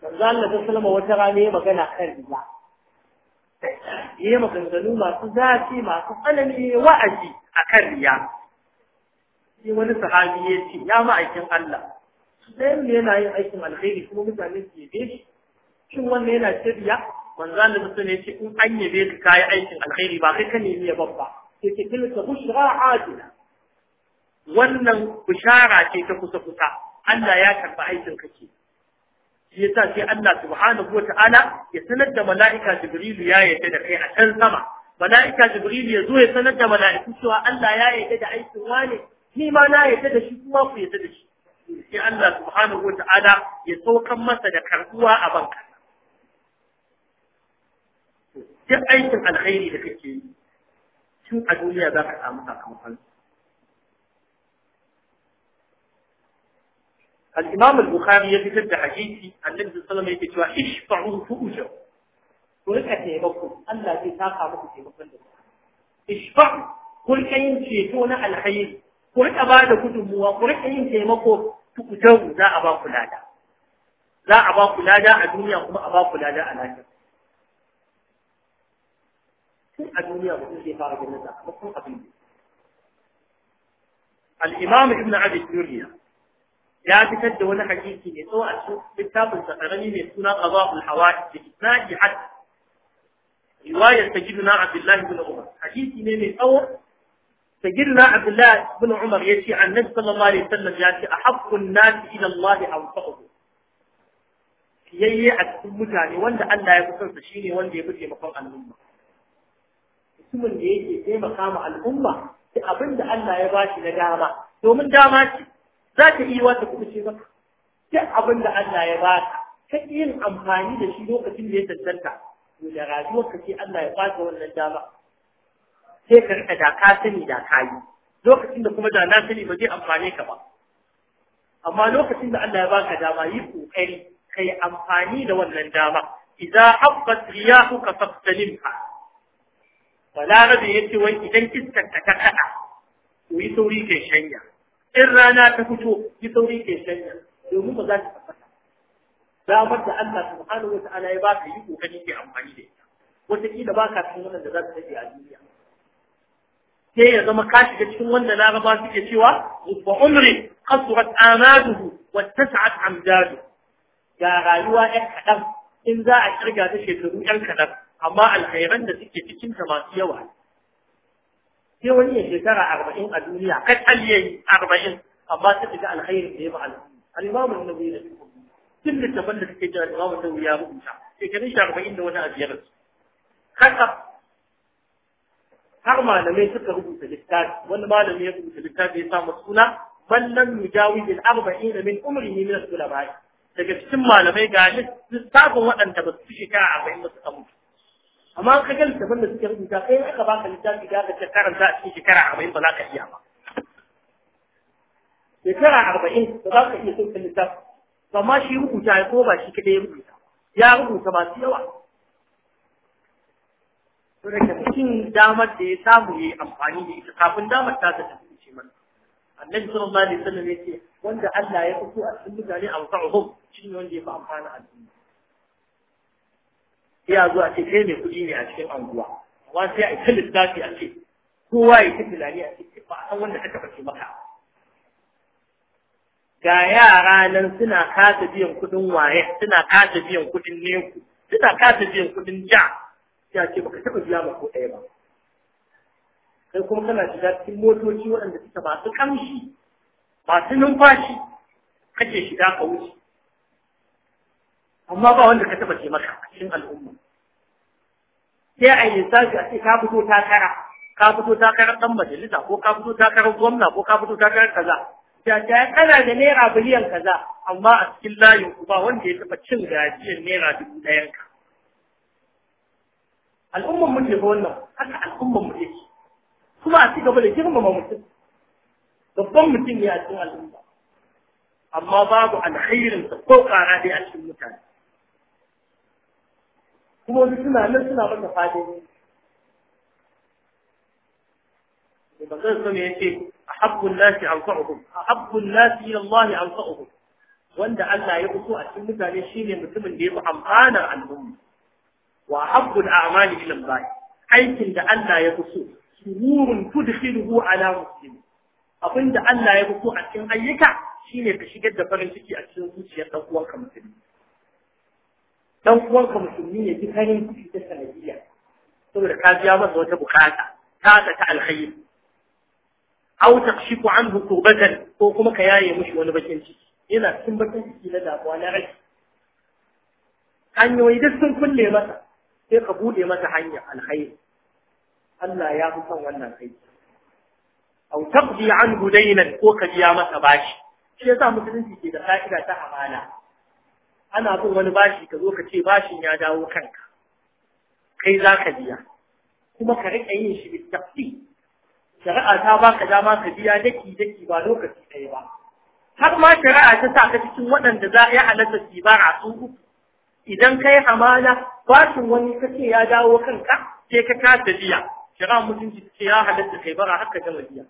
Speaker 1: manzo Allah ta salama wata rana ya magana kan riya yayi maganganu masu zafi masu tsanani wa'azi akan riya sai wani sahabi ya ce ya ma'aikin Allah ɗayan ne yana yin aikin alheri kuma mutane su yabe shi shin wannan yana shirya manzo Allah mutum ne ce in an yabe ka kayi aikin alheri ba kai ka nemi ya babba yake tilka bushra adila wannan bishara ce ta kusa kusa Allah ya karba aikin kake shi yasa sai Allah subhanahu wata'ala ya sanar da mala'ika Jibrilu ya yarda da kai a can sama mala'ika Jibrilu ya zo ya sanar da mala'iku cewa Allah ya yarda da aikin wane ni ma na yarda da shi kuma ku yarda da shi sai Allah subhanahu wa ta'ala ya saukan masa da karbuwa a banka duk aikin alkhairi da kake yi tun a duniya za ka samu sakamakon الإمام البخاري يذكر بحديث عن النبي صلى الله عليه وسلم يقول اشفعوا فؤجوا ورقة تيمكم ألا تساقى مكم تيمكم اشفعوا قل كين تيتون الحين قل أبعد كتبوا وقل كين تيمكم tu'jaru za a ba ku lada za a ba ku lada a duniya kuma a ba ku lada a lahira tun a duniya mutum zai fara ganin sakamakon abin da al ibn Abid duriya ya fitar da wani hadisi mai tsawo a cikin littafin sa karami mai suna qada'ul hawadith bi isnadi hadd riwayar sayyidina abdullahi ibn umar hadisi ne mai tsawo سيدنا عبد الله بن عمر يشي عن النبي صلى الله عليه وسلم يشي أحب الناس إلى الله أوفأهم fiyayye a cikin mutane wanda Allah ya kusar da wanda ya bude taimakon al'umma. Mutumin da yake taimaka ma al'umma da abin da Allah ya ba na dama, domin dama ce, za iya wata kuma ce maka. Duk abin da Allah ya ba ka, yin amfani da shi lokacin da ya tantanta, to da rayuwarka ce Allah ya ba wannan dama. sai ka rika da ka sani da ka yi lokacin da kuma da na sani ba zai amfane ka ba amma lokacin da Allah ya baka dama yi kokari kai amfani da wannan dama idza habbat riyahuka fastalimha balarabe yace wai idan iskar ta kada to yi sauri kai shanya in rana ta fito yi sauri kai shanya domin ba za ta tabbata damar da Allah subhanahu wa ta'ala ya baka yi kokari kai amfani da ita wataƙila ba ka cikin wannan da za ta tafi a duniya sai ya zama ka shiga cikin wanda laraba suke cewa wa umri qasurat amaduhu wa tas'at amdadu ga rayuwa ɗan kaɗan in za a kirga ta shekaru ɗan kaɗan amma alkhairan da suke cikin ta masu yawa sai wani ya shekara arba'in a duniya kai aliyayi arba'in amma ta shiga alkhairin da ya ba al'imamu na nabi da duk littafin da suke jira al'imamu na ya rubuta shekarun shi arba'in da wani a biyar haka har malamai suka rubuta littafi wani malami ya rubuta littafi ya samu suna ballan mujawi bil arba'in min umrihi min al-ulama daga cikin malamai ga littafin wadanda ba su fi shekara arba'in ba samu mutu amma ka ga littafin da suke rubuta kai aka baka littafi da aka karanta a cikin shekara arba'in ba za ka iya ba shekara arba'in ba za ka iya sauka littafi amma shi rubuta ya ko ba shi kadai ya rubuta ya rubuta masu yawa to daga mutum damar da ya samu ya yi amfani da ita kafin damar ta ta tafi ce mana annabi sallallahu alaihi wasallam ya ce wanda Allah ya fito a cikin mutane a wasa'uhum shi ne wanda ya fi amfani a duniya iya zuwa ce kai mai kuɗi ne a cikin anguwa amma sai a ita lissafi a ce kowa ya ta tunani a ce ba a san wanda ka taɓa ce maka ga yara nan suna kasa biyan kuɗin waye suna kasa biyan kuɗin neku suna kasa biyan kuɗin ja sai ce baka taɓa biya ba ko ɗaya ba kai kuma kana shiga cikin motoci waɗanda suka ba su ƙamshi ba su numfashi kake shiga ka wuce amma ba wanda ka taɓa ce maka a cikin al'umma sai a yi zafi a ce ka fito takara ka fito takarar ɗan majalisa ko ka fito takarar gwamna ko ka fito takarar kaza da ta kana da naira biliyan kaza amma a cikin layin ku ba wanda ya taɓa cin gajiyar naira dubu ɗayan ka al'umman mu ne fa wannan haka al'umman mu yake kuma a ci gaba da girmama mutum babban mutum ne a cikin al'umma amma babu alkhairin da ko kara dai a cikin mutane kuma wani suna nan suna masa fadi ne ba zan sani yake ahabbun nasi anfa'uhum ahabbun nasi ila Allah anfa'uhum wanda Allah ya uku a cikin mutane shine mutumin da ya fi amfanar al'umma wa habbul a'mali ila Allah aikin da Allah ya fi so sururun tudkhiluhu ala muslim da Allah ya fi so a cikin ayyuka shine ka shigar da farin ciki a cikin zuciyar dan uwanka musulmi dan uwanka musulmi ya ji farin ciki ta sanadiyya saboda ka biya masa wata bukata ta ta alkhair aw takshifu anhu tubatan ko kuma ka yaye mushi wani bakin ciki yana cikin bakin ciki na damuwa na rai hanyoyi duk sun kulle masa sai ka bude masa hanya alkhairi Allah ya fi son wannan kai. au tabdi an daynan ko ka biya masa bashi shi yasa musulunci ke da ka'ida ta amana ana bin wani bashi ka zo ka ce bashin ya dawo kanka kai za ka biya kuma ka riƙa yin shi bitafi shari'a ta baka dama ka biya daki daki ba lokaci ɗaya ba har ma shari'a ta sa ka cikin waɗanda za a yi halatta su ba a sun idan kai hamala bashin wani kake ya dawo kanka sai ka kasa biya shara mutunci ce ya halatta kai bara haka gama biya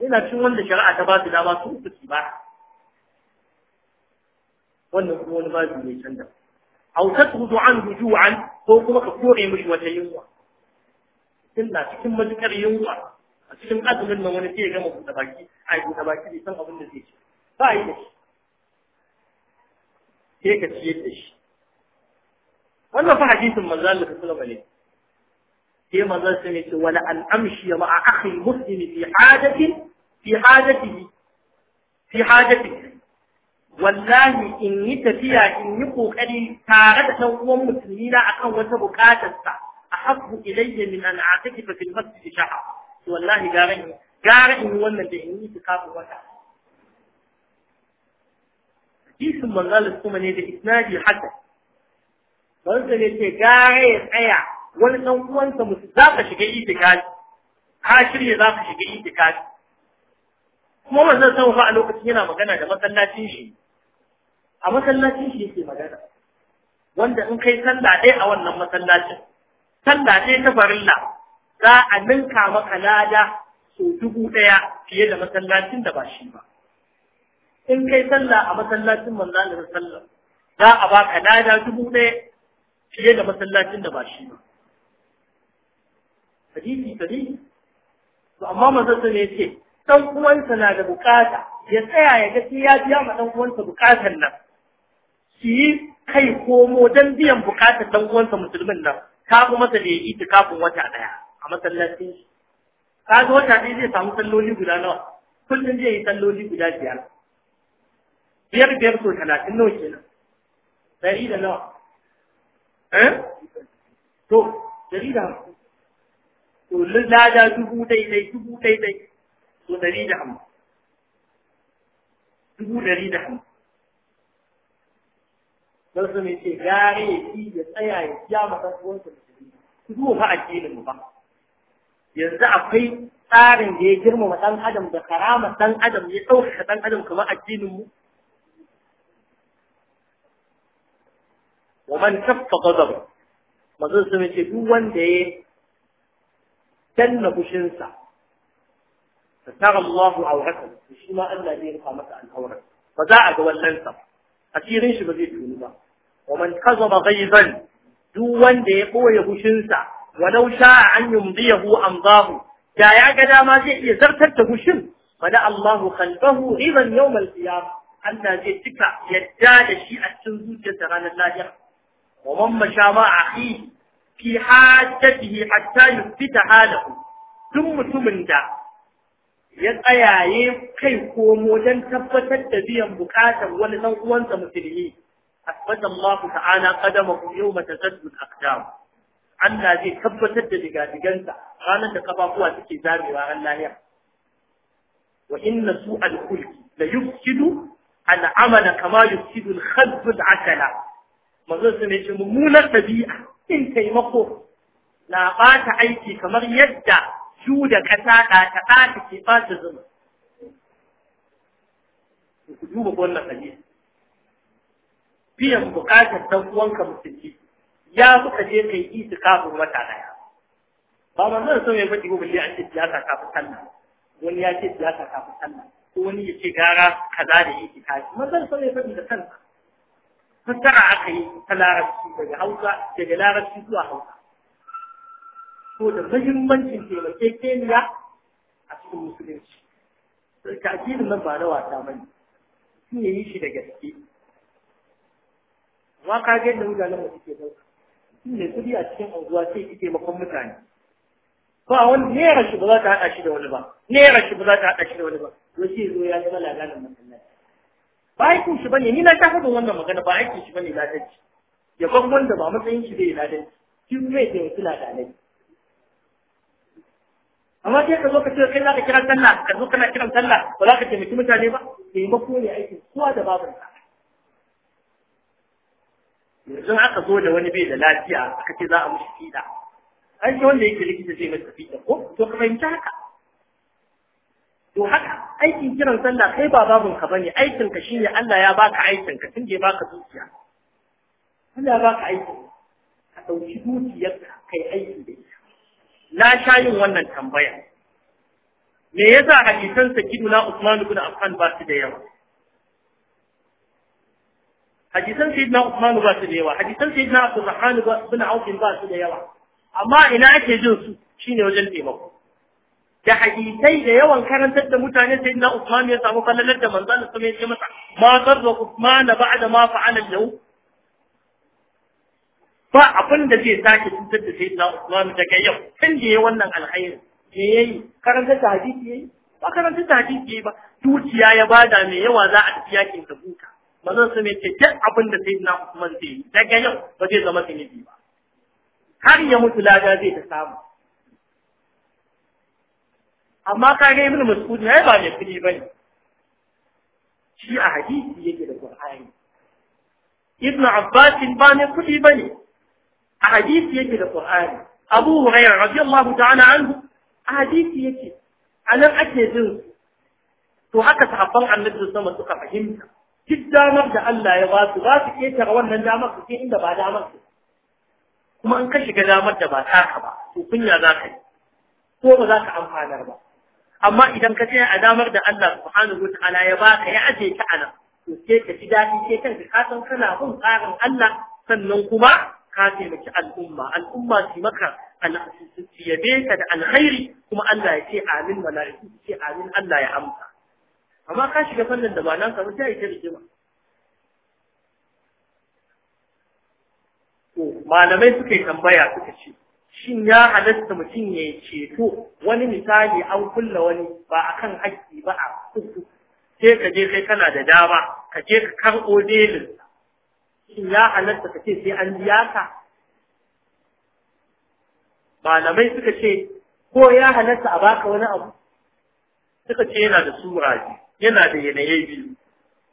Speaker 1: ina cin wanda shari'a ta ba su dama su uku ba wannan kuma wani babu mai canza au tasbudu an juju'an ko kuma ka kore mishi wata yunwa illa cikin matukar yunwa a cikin azumin nan wani sai ya gama buɗe baki a yi buɗe baki bai san abin da zai ci ba yi da shi sai ka ciyar da shi wannan fa hadisin manzo Allah sallallahu alaihi sai manzo sai ya ce wala an amshi ma'a akhi muslim fi hajatin fi hajatihi fi hajatihi wallahi in yi tafiya in yi kokari tare da ɗan uwan musulmi na akan wata bukatarsa a hasbu ilayya min an ataki fa fil masjid sha'a wallahi gara in gara in wannan da in yi tikafin wata Kisin manzalin kuma ne da isnadi haka wanda ne ce gare ya tsaya wani ɗan uwansa musu za ka shiga itikadi ka shirya za ka shiga itikadi kuma wannan sama fa a lokacin yana magana da masallacin shi a masallacin shi yake magana wanda in kai sallah ɗaya a wannan masallacin sallah ɗaya ta farilla za a ninka maka lada sau dubu ɗaya fiye da masallacin da ba shi ba in kai sallah a masallacin manzo Allah sallah za a ba ka nada dubu ne fiye da masallacin da ba shi ba hadisi to amma manzo ne yace dan uwansa na da bukata ya tsaya ya ga ya biya ma dan uwansa bukatar nan su yi kai komo don biyan bukatar dan uwansa musulmin nan ta masa da yi kafin wata daya a masallacin Kada ka ga wata ɗaya zai samu salloli guda nawa kullum zai yi salloli guda biyar biyar biyar so talatin nawa kenan dari da nawa eh? to dari da hamsin to lada dubu dai-dai, dubu dai-dai, to dari da hamsin dubu dari da hamsin don su ce gare ya ci ya tsaya ya siya masa tsohonsa su zuwa fa addinin mu ba yanzu akwai tsarin da ya girmama ɗan adam da karama ɗan adam ya ɗaukaka ɗan adam kamar addinin mu wa man kaffa ghadaba manzo sun ce duk wanda ya danna fushinsa fatara Allahu awratan shi ma Allah zai rufa masa al'auran ba za a ga wallansa asirin shi ba zai tuni ba wa man kazaba ghaizan duk wanda ya boye fushinsa walau sha'a an yumdiyahu amdahu da ya ga dama zai iya zartar da fushin fada Allahu khalfahu riban yawmal qiyamah Allah zai cika yadda da shi a cikin zuciyarsa ranar lahira ومن مشى مع أخيه في حاجته حتى يثبت حاله ثم mutumin da ya tsayaye kai komo don tabbatar da biyan buƙatar wani ɗan uwansa musulmi asbata Allah ta'ala qadamahu yawma tasaddud aqdam Allah zai tabbatar da digadigansa ranar da kafafuwa suke zamewa ran lahiya wa inna su khulqi la yufsidu al amala kama yufsidu al akala manzon su ne ce mummunar tabi'a in taimako na ɓata aiki kamar yadda ju da ƙasa da ta ɗata ke ɓata zuma ku duba wannan hadisi biyan buƙatar dan uwanka musulmi ya kuka je kai kafin wata ɗaya. ba zan so yi faɗi gobe a ce siyasa kafin sannan. wani ya ce siyasa kafin sallah ko wani ya ce gara kaza da Ma zan so yi faɗi da kanka. fassara aka yi ta larabci daga hausa daga larabci zuwa hausa ko da muhimmancin taimakekeniya a cikin musulunci sai ka addinin nan ba na wasa bane sun yi shi da gaske waka ga yadda mutanen da suke ɗauka, sun ne kudi a cikin unguwa sai su taimakon mutane ba wani naira shi ba za ta haɗa shi da wani ba naira shi ba za ta haɗa shi da wani ba wace zo ya zama lalalin masallaci ba aikin shi bane ni na ta faɗin wannan magana ba aikin shi bane ladanci ya ban wanda ba matsayin shi zai ladanci shi kuma ya da ladanai amma sai ka zo ka ce kai za ka kira sallah ka zo kana kiran sallah ba za ka taimaki mutane ba mako ne aikin kowa da babu yanzu aka zo da wani bai da lafiya aka ce za a mushi fida an ce wanda yake likita zai masa fida ko to ka fahimci haka to haka aikin kiran sallah kai ba babun ka bane aikin ka shine Allah ya baka aikin ka tunje ya baka zuciya. Allah ya baka aikin ka dauki dukiyar ka kai aiki da ita na sha yin wannan tambaya me yasa hadisan na Usman ibn Affan ba su da yawa hadisan na Usman ba su da yawa hadisan sayyidina Abdurrahman ibn Auf ba su da yawa amma ina ake jin su shine wajen taimako da hadisai da yawan karantar da mutane sai na Usman ya samu fallalar da manzon Allah ya ce masa ma zarra Usman ba'da ma fa'ala yau ba abin da zai sake cutar da sai na Usman daga yau kan da yayi wannan alkhairi me yayi karantar da hadisi yayi ba karantar da hadisi yayi ba dukiya ya bada mai yawa za a tafi yakin tabuka manzon ya ce duk abin da sai na Usman zai yi daga yau ba zai zama sanadi ba har ya mutu lada zai ta samu amma ka ga ibn mas'ud ne ba mai kudi bane shi a hadisi yake da qur'ani ibn abbas ba mai kudi bane a hadisi yake da qur'ani abu hurairah radiyallahu ta'ala anhu a hadisi yake anan ake jin to haka sahabban annabi sama suka fahimta duk damar da Allah ya ba su ba su ketare wannan damar su ke inda ba damar su kuma an ka shiga damar da ba taka ba to kunya za ka yi ko ba za ka amfanar ba amma idan ka tsaya a damar da Allah subhanahu wa ta'ala ya baka ya aje ka ana to sai ka ji daɗi sai kanka ka san kana bin tsarin Allah sannan kuma ka taimaki al'umma al'umma su maka su yabe ka da alkhairi kuma Allah ya ce amin mala'iku su ce amin Allah ya amsa amma ka shiga fannin da ba nan ka sai ita rigima to malamai suka tambaya suka ce shin ya halatta mutum ya ceto wani misali an kulla wani ba a kan haƙƙi ba a kuku sai ka je kai kana da dama ka je ka karɓo delin shin ya halatta ka ce sai an biya ka malamai suka ce ko ya halatta a baka wani abu suka ce yana da sura yana da yanayi biyu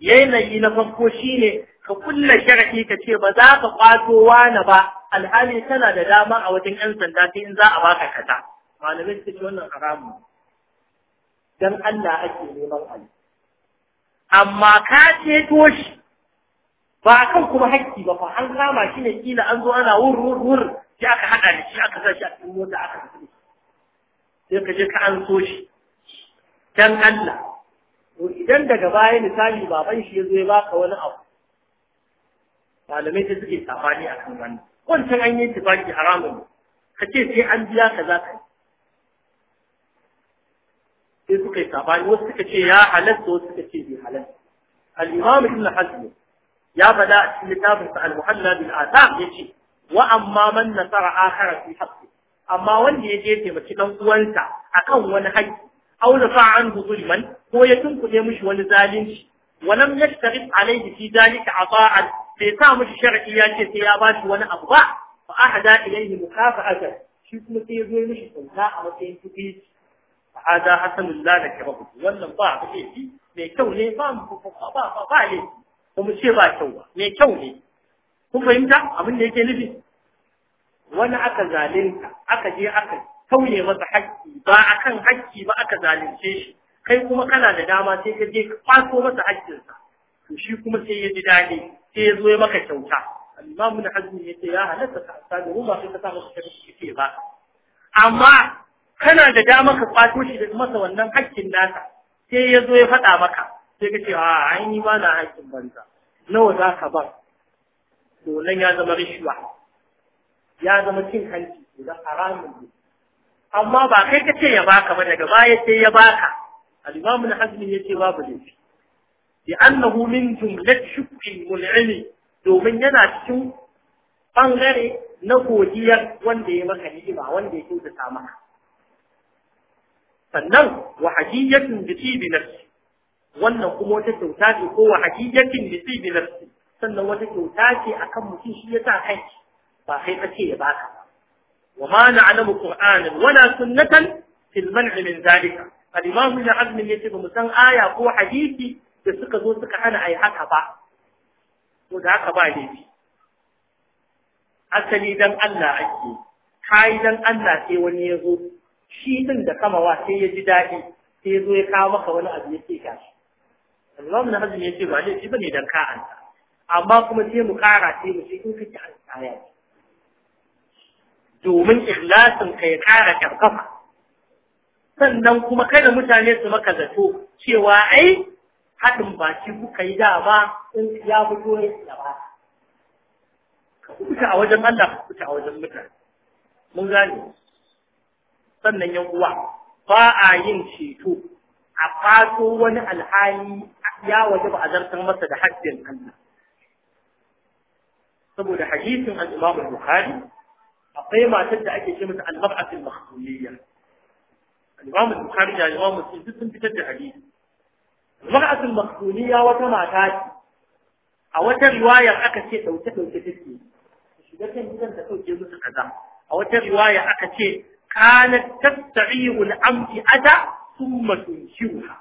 Speaker 1: yanayi na farko shine ka kulla sharadi ka ce ba za ka kwato wani ba alhali tana da dama a wajen ƴan sanda sai in za a baka kaza malamai ce wannan haramu dan Allah ake neman abu amma ka ce shi ba kan kuma hakki ba fa an kama shi ne kila an zo ana wur wur wur sai aka hada da shi aka sa shi a cikin mota aka tafi sai ka je ka an so shi dan Allah to idan daga baya misali baban shi ya zo ya baka wani abu malamai ta suke safani a kan wannan wancan an yi tufaki haramun ka ce sai an biya ka za ka yi. sai suka yi sabani wasu suka ce ya halatta wasu suka ce bai halatta al-imam ibn hazm ya bada a cikin littafin sa al-muhalla bil athar yace wa amma man nasara akhara fi haqqi amma wanda ya je taimaki dan uwansa akan wani haƙƙi aw nafa anhu zulman ko ya tunkuɗe mishi wani zalunci Wa ولم يشترط عليه في ذلك عطاء bai sa mishi shar'i ya ce sai ya ba shi wani abu ba fa ahada ilayhi mukafa'atan shi kuma sai ya zo mishi tsanka a matsayin kuɗi fa hada hasanul la da kabahu wannan ba ba ce shi mai kyau ne ba mu ba ba ba ne kuma ce ba kyau ba mai kyau ne kun fahimta abin da yake nufi wani aka zalunta aka je aka tauye masa haƙƙi ba akan haƙƙi ba aka zalunce shi kai kuma kana da dama sai ka je ka kwaso masa haƙƙinsa to shi kuma sai ya ji daɗi sai ya zo ya maka kyauta amma mun na hajji ne ce ya halatta ka sami mu sai ka sa shi kyauta ke ba amma kana da dama ka kwato shi da masa wannan haƙƙin nasa sai ya zo ya faɗa maka sai ka ce a ai ni ba na haƙƙin banza nawa za ka ba to nan ya zama rishwa ya zama cin hanci da haramun ne amma ba kai ka ce ya baka ba daga baya sai ya baka al-imamu na hajji ya babu laifi لأنه من جملة شكر المنعم domin yana cikin bangare na godiyar wanda ya maka ni'ima wanda ya kyautata maka sannan wa hajiyatin wannan kuma wata kyauta ce ko wa hajiyatin sannan wata kyauta ce akan mutum shi yasa sa kai ba kai kace ya baka ba wa ma na'lamu qur'anan wala sunnatan fil man'i min zalika al-imam ya hazm ba mu san aya ko hadisi da suka zo suka hana a yi haka ba ko da haka ba laifi asali don Allah ake kayi don Allah sai wani ya zo shi din da kamawa sai ya ji daɗi sai ya zo ya kawo maka wani abu ya ce gashi Allah na hajji ya ce ba ba ne don ka'an ta, amma kuma sai mu kara sai mu ce in kake an tsaya domin ikhlasin ka ya kara karkafa sannan kuma kada mutane su maka zato cewa ai haɗin baki kuka yi da ba in ya fito ne da ba ka kuta a wajen Allah ka kuta a wajen mutane mun gane sannan yan uwa ba a yin ceto a fato wani alhali ya waje ba a zartar masa da haƙƙin Allah saboda hadisin al-Imam al-Bukhari akwai matar da ake ce mata al-mar'atul makhsuliyya al-Imam al-Bukhari da al sun fitar da hadisi mar'atul maqsuliya wata mata ce a wata riwayar aka ce dauke dauke take shiga kan gidan ta dauke musu kaza a wata riwaya aka ce kana tasta'ihu al-amti ada thumma tunshiha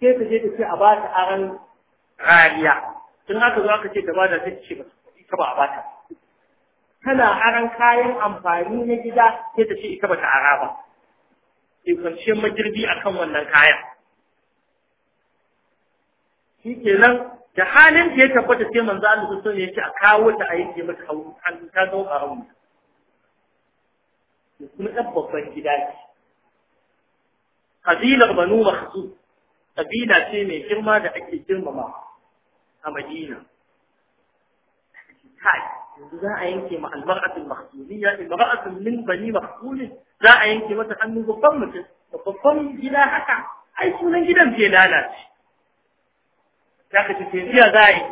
Speaker 1: sai ta je ta ce a ba ta aran rariya tun haka zo aka ce ta bada ta ce ba ita ba a bata tana aran kayan amfani na gida sai ta ce ita ba ta ara ba sai kwanciyar a akan wannan kayan shi kenan da halin da ya tabbata ce manzo Allah su ya yake a kawo ta a yake mata hawo an ta zo a rawu kuma tabbatar babban gida ce kabilar banu mahzu kabila ce mai girma da ake girmama a madina kai yanzu za a yanke ma almar'atul mahzuliyya imra'atun min bani mahzul za a yanke mata hannu babban mutum babban gida haka ai sunan gidan ke lalace ya ka ce tafiya za a yi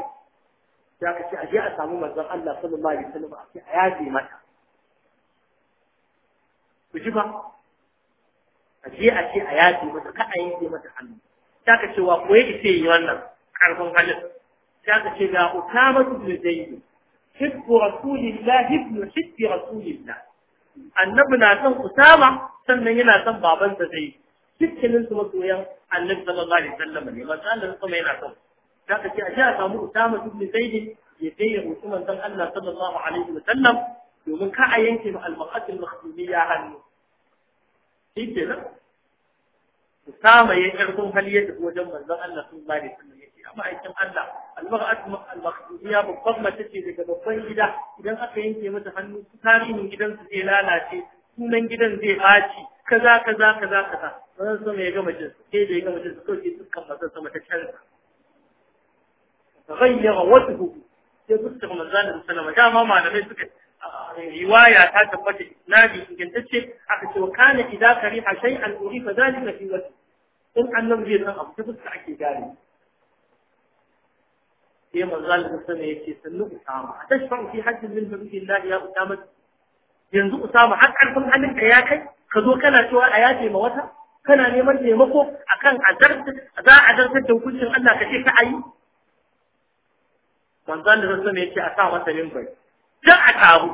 Speaker 1: ya ka ce a je a samu manzon Allah sallallahu alaihi wasallam a ce a yaje mata ku ji ba a je a ce a yaje mata ka a yanke mata hannu ya ka ce wa ko yake ce yi wannan karfin halin ya ka ce ga utamatu bin zaidi hibbu rasulillahi ibn hibbi rasulillahi annabi na son Usama sannan yana son babansa zai dukkanin su masoyan annabi sallallahu alaihi wasallam ne manzo Allah kuma yana son za ka ce a sha samu Usama ibn Zaid ya je ya roƙi manzon Allah sallallahu alaihi wa sallam domin ka a yanke ma al-maqatil makhdumiyya hannu shi ke nan Usama ya karfin hali ya wajen manzon Allah sallallahu alaihi wa sallam ya ce a aikin Allah al-maqatil al-makhdumiyya babban mace daga babban gida idan aka yanke mata hannu tarihin gidan su zai lalace sunan gidan zai ɓaci kaza kaza kaza kaza wannan so ya gama jinsu sai da ya gama jinsu sai sai sukan mazan sama ta canza ghayyara wajhu sai duk fuskar manzon sallama dama malamai suka riwaya ta tabbata isnadi ingantacce aka ce wa kana idza kariha shay'an urifa zalika fi wajhi in annabi zai san abu ta da ake gane sai manzon sallama yace sallu usama atashfa fi hajjin min fadlillahi ya usama yanzu usama har karfin hannunka ya kai ka zo kana cewa a yafe ma wata kana neman taimako akan azar za a zartar da hukuncin Allah ka ce ka ayi manzon da sassa ne ce a sa masa mimbar dan a taru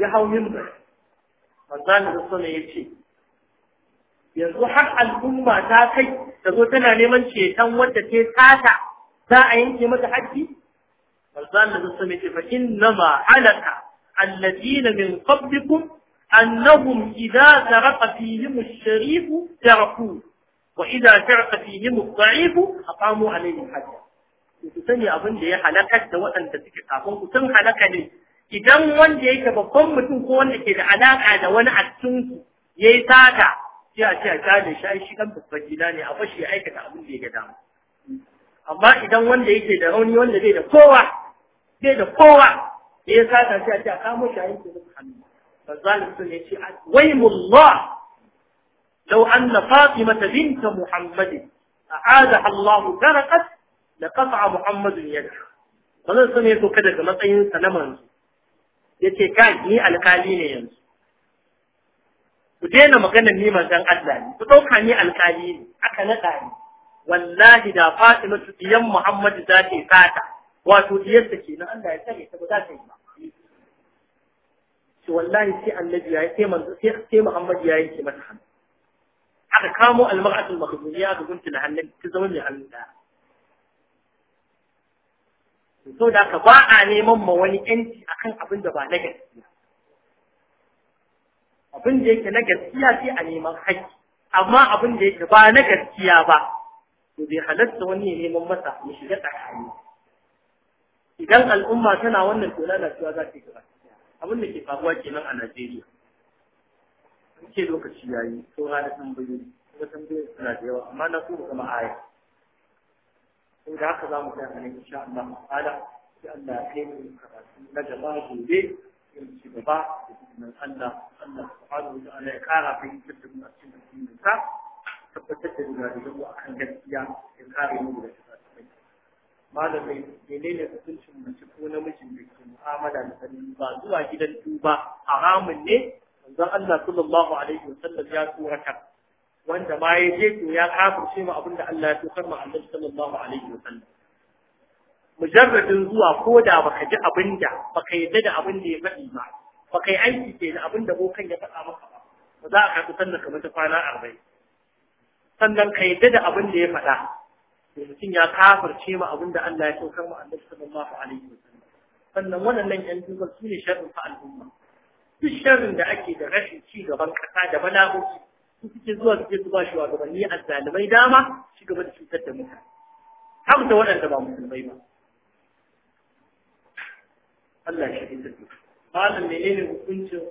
Speaker 1: ya hau mimbar manzon da sassa ne ya ce yanzu har al'umma ta kai ta zo tana neman ceton wanda ta tsata za a yanke mata haƙƙi manzon da sassa ne ce fa innama halaka alladina min qablikum annahum idza saraqa fihim ash-sharif tarakuhu wa idza saraqa fihim ad-da'if aqamu alayhi al Ku sani abin da ya halakar da waɗanda suke kafin ku sun halaka ne idan wanda yake babban mutum ko wanda ke da alaka da wani a cikin ku yayi sata sai a ce a kare shi ai shi kan babban gida ne a fashi ya aikata abin da ya ga dama amma idan wanda yake da rauni wanda bai da kowa bai da kowa ya sata sai a ce a kamo shi a yanke masa hannu فالظالم سنة ويم الله لو أن فاطمة بنت محمد أعادها الله تركت da kafa Muhammadu ya Ba zan so ne so ka daga matsayin sa na manzo yace kai ni alkali ne yanzu ku daina maganar ni manzon Allah ne ku ɗauka ni alkali ne aka naɗa ni wallahi da Fatima diyan Muhammadu za ta fata wato ke kenan Allah ya tsare ta ba za ta yi ba Ki wallahi sai annabi ya sai manzo sai Muhammadu ya yanke mata hannu aka kamo almar'atul makhzuniya ga guntul hannu ta zama mai hannu da so da ka ba a neman ma wani yanci akan abin da ba na gaskiya abin da yake na gaskiya sai a neman haƙƙi amma abin da yake ba na gaskiya ba to bai halatta wani ya neman masa ya shiga tsakani idan al'umma tana wannan na cewa za ta yi gaba abin da ke faruwa kenan a Najeriya in ce lokaci yayi saura da tambayoyi kuma tambayoyi suna da yawa amma na so mu kama aya in da haka za mu kai ne insha Allah ta'ala sai Allah ya kai mu karatu na gaba gobe in ci gaba da izinin Allah Allah subhanahu wa ta'ala ya kara da izinin a cikin addinin sa tabbatar da da mu akan gaskiya ya kare mu da tsari malamai menene hukuncin mace ko namiji da ke mu'amala da sanin ba zuwa gidan duba haramun ne manzon Allah sallallahu alaihi wasallam ya tsorata wanda ma ya je to ya kafirce mu abinda Allah ya tukar mu Annabi sallallahu alaihi wasallam mujarradin zuwa ko da baka ji abinda baka yadda da abinda ya faɗi ba baka yi aiki ke da abinda bokan ya faɗa maka ba ba za a karɓi sannan kamar ta kwana arba'in sannan ka yadda da abinda ya faɗa mutum ya kafirce mu abinda Allah ya saukar ma tukar mu Annabi sallallahu alaihi wasallam sannan waɗannan ƴan duba su ne sharrin fa al'umma duk sharrin da ake da rashin ci gaban ƙasa da bala'o'i su suke zuwa suke su ba shi wa gabanni a zalimai dama su gaba da cutar da mutane har da waɗanda ba musulmai ba Allah shi ne tafi malam ne ne hukuncin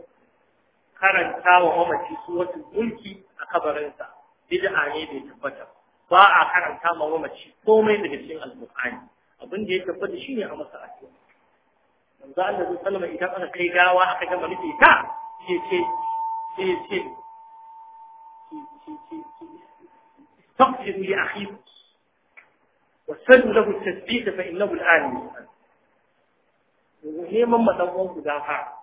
Speaker 1: karanta wa mamaci su wata mulki a kabarinsa bid'a ne bai tabbata ba a karanta ma mamaci komai daga cikin alƙur'ani abin da ya tabbata shi ne a masa addu'a manzo Allah zai Salama idan aka kai gawa aka gama nufi ta sai ce sai ce فاغفروا لأخيكم وسلوا له التثبيت فإنه الآن neman maɗan'uwan guda fara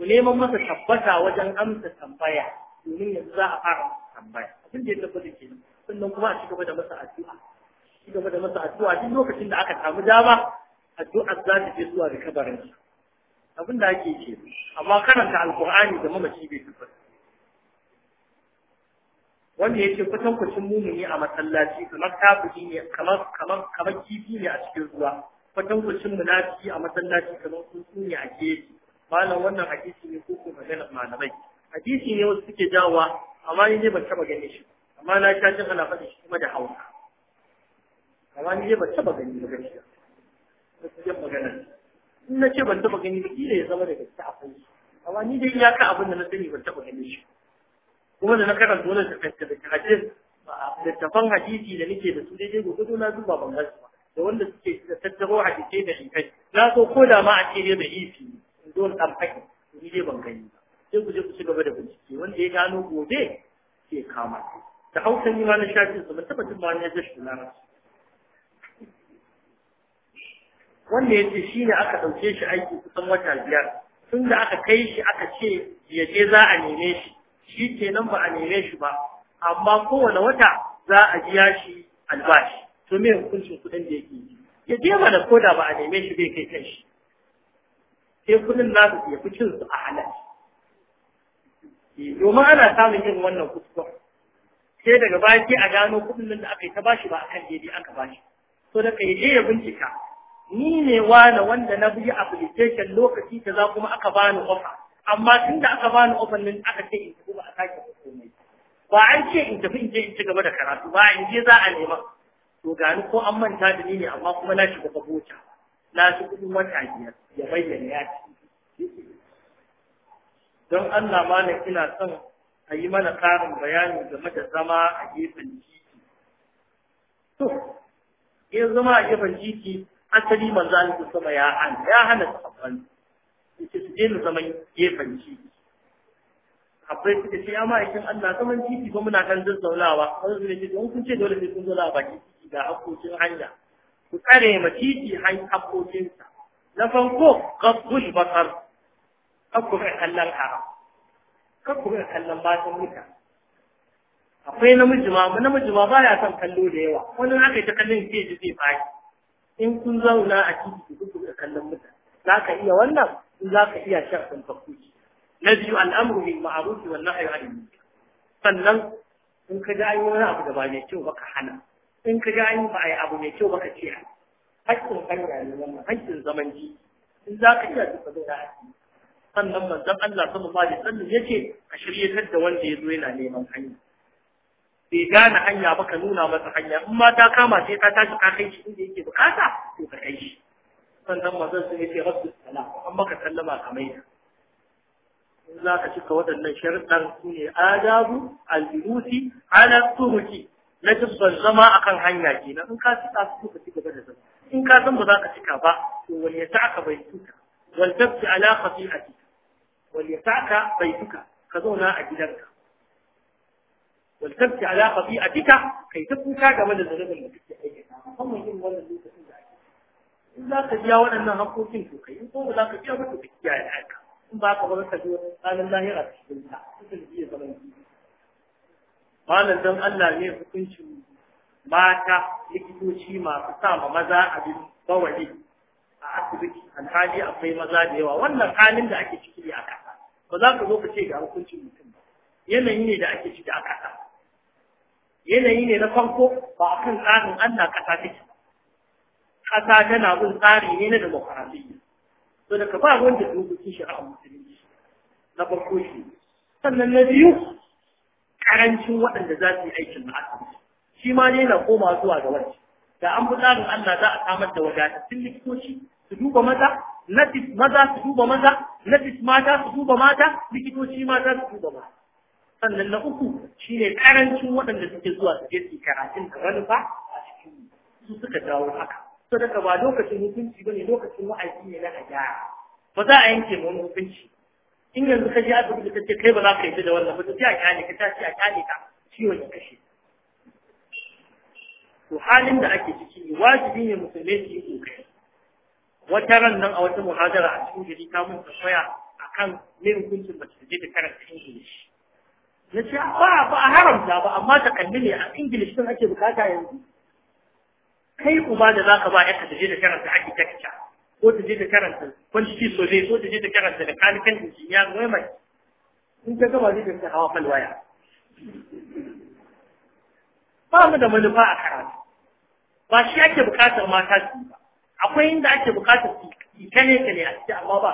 Speaker 1: ku neman masa tabbata wajen amsa tambaya domin yanzu za a fara masa tambaya abin da ya tabbata ke sannan kuma a ci da masa addu'a ci gaba da masa addu'a duk lokacin da aka samu dama addu'a za ta je zuwa da kabarin abin da ake ce amma karanta alkur'ani da mamaci bai tabbata wanda yake kwatankwacin mumuni a masallaci kamar kafiri ne kamar kamar kamar kifi ne a cikin ruwa kwatankwacin munafiki a masallaci kamar tsuntsu ne a keji. malam wannan hadisi ne ko ko magana malamai hadisi ne wasu suke jawa amma ni ne ban taba gane shi amma na sha jin ana faɗi shi kuma da hausa amma ni ne ban taba gani ba gaskiya gaskiyar magana in na ce ban taba gani ba kila ya zama da gaske a kai amma ni dai iyaka abin da na sani ban taba gani shi kuma da na karanta wannan da da littafan hadisi da nake da su daidai gudu na duba ban gasu ba da wanda suke tattaro hadisi da shikai na so ko da ma a ce dai da ifi in zo dan faki ni dai ban gani ba sai ku je ku ci gaba da bincike wanda ya gano gobe ke kama da hausa ni ma na shafi su ba tabbatin ma ne zai na wanda ya ce shi ne aka ɗauke shi aiki kusan wata biyar tun da aka kai shi aka ce yaje je za a neme shi shi kenan ba a neme shi ba amma kowane wata za a jiya shi albashi to me hukuncin kuɗin da yake ya je mana ko da ba a neme shi bai kai kan shi sai kudin za su yafi cin su a halal domin ana samun yin wannan kuskure sai daga baya sai a gano kuɗin nan da aka yi ta bashi ba a kan daidai aka bashi to daga ya je ya bincika ni ne wani wanda na bi application lokaci ta za kuma aka bani offer amma tun da aka bani ofan aka ce in tafi ba a sake ba komai ba an ce in tafi in je in ci gaba da karatu ba in je za a nema to gani ko an manta da ni ne amma kuma na shiga bota na shi kudin wata biyar ya bayyana ya ci don Allah malam ina son a yi mana karin bayani game da zama a gefen titi to in zama a gefen titi asali manzo Allah sama ya hana ya hana sahabban yace su daina zaman gefen titi akwai suka ce amma ikin Allah zaman titi ba muna kan zazzaunawa wani su ne ce don kun ce dole ne kun zo a baki titi ga hakkokin hanya ku tsare ma titi hanyar hakkokinsa na farko gabbul basar kakku kai kallon haram kakku kai kallon matan mutane akwai namiji ma namiji ma baya son kallo da yawa wani haka ta kallon ke ji zai fashi in kun zauna a titi ku kuka kallon mutane za ka iya wannan in za ka iya sharɗin fakuci na biyu al'amru bil ma'ruf wal nahyi anil munkar sannan in ka ga an yi wani abu da ba mai kyau ba ka hana in ka ga an yi ba ai abu mai kyau ba ka ce haƙƙin hanya ne wannan haƙƙin zaman ji in za ka iya duka zai da sannan manzon Allah sallallahu alaihi wasallam yace a shiryatar da wanda ya zo yana neman hanya bai gane hanya ba ka nuna masa hanya in ma ta kama sai ta tashi ka kai shi inda yake bukata to ka kai shi sannan mazan sun yace rabbi salam an maka sallama ka maida in za ka cika waɗannan sharuɗan su ne adabu al-jurusi ala turuki na jibban zama akan hanya kenan in ka cika su ka ci gaba da zama in ka san ba za ka cika ba to wal yata'aka baituka wal tabki ala khati'ati wal yata'aka baituka ka zauna a gidanka wal tabki ala khati'atika kai ta kuka game da zanubin da kake aikata musamman yin wannan lokacin in za ka biya waɗannan haƙoƙin to kai in ko ba za ka biya ba to ka kiyaye haka in ba ka ba ka zo ranar lahira cikin ta cikin biye zaman biyu malam don Allah ne hukuncin mata likitoci masu sa ma maza abin bawali a asibiti alhali akwai maza da yawa wannan halin da ake ciki a ƙasa ba za ka zo ka ce ga hukuncin mutum ba yanayi ne da ake ciki a ƙasa yanayi ne na farko ba a kan tsarin Allah ƙasa take ƙasa tana bin tsari ne na dimokuradiyya. So da ba wanda dokokin shari'a musulunci na farko shi sannan na biyu karancin waɗanda za su yi aikin na asibiti shi ma ne na koma zuwa ga wani. da an fi tsarin Allah za a samar da wadatattun likitoci su duba maza nafis maza su duba maza nafis mata su duba mata likitoci mata su duba mata sannan na uku shi ne karancin waɗanda suke zuwa su je su karatun da manufa a cikin su suka dawo haka sadaka ba lokacin hukunci bane lokacin wa'azi ne na hajara ba za a yanke mu hukunci in yanzu ka je asibiti ka kai ba za ka yi da wannan ba sai a kyale ka tashi a kyale ka ciwon ya kashe to halin da ake ciki wajibi ne musulmi su yi kokari wata ran nan a wata muhadara a cikin gari ta mun tsaya akan me hukuncin ba ta je da karanta Ingilishi na ce ba ba a haramta ba amma ta ne a Ingilishi din ake bukata yanzu kai uba da za ka ba yanka ta da karanta architecture ko ta je da karanta so zai, ko ta je da karanta da kalikan injiniya wai mai in ka gaba zai ta hawa falwaya ba mu da manufa a karatu ba shi ake bukatar mata su ba akwai inda ake bukatar su kane kane a cikin amma ba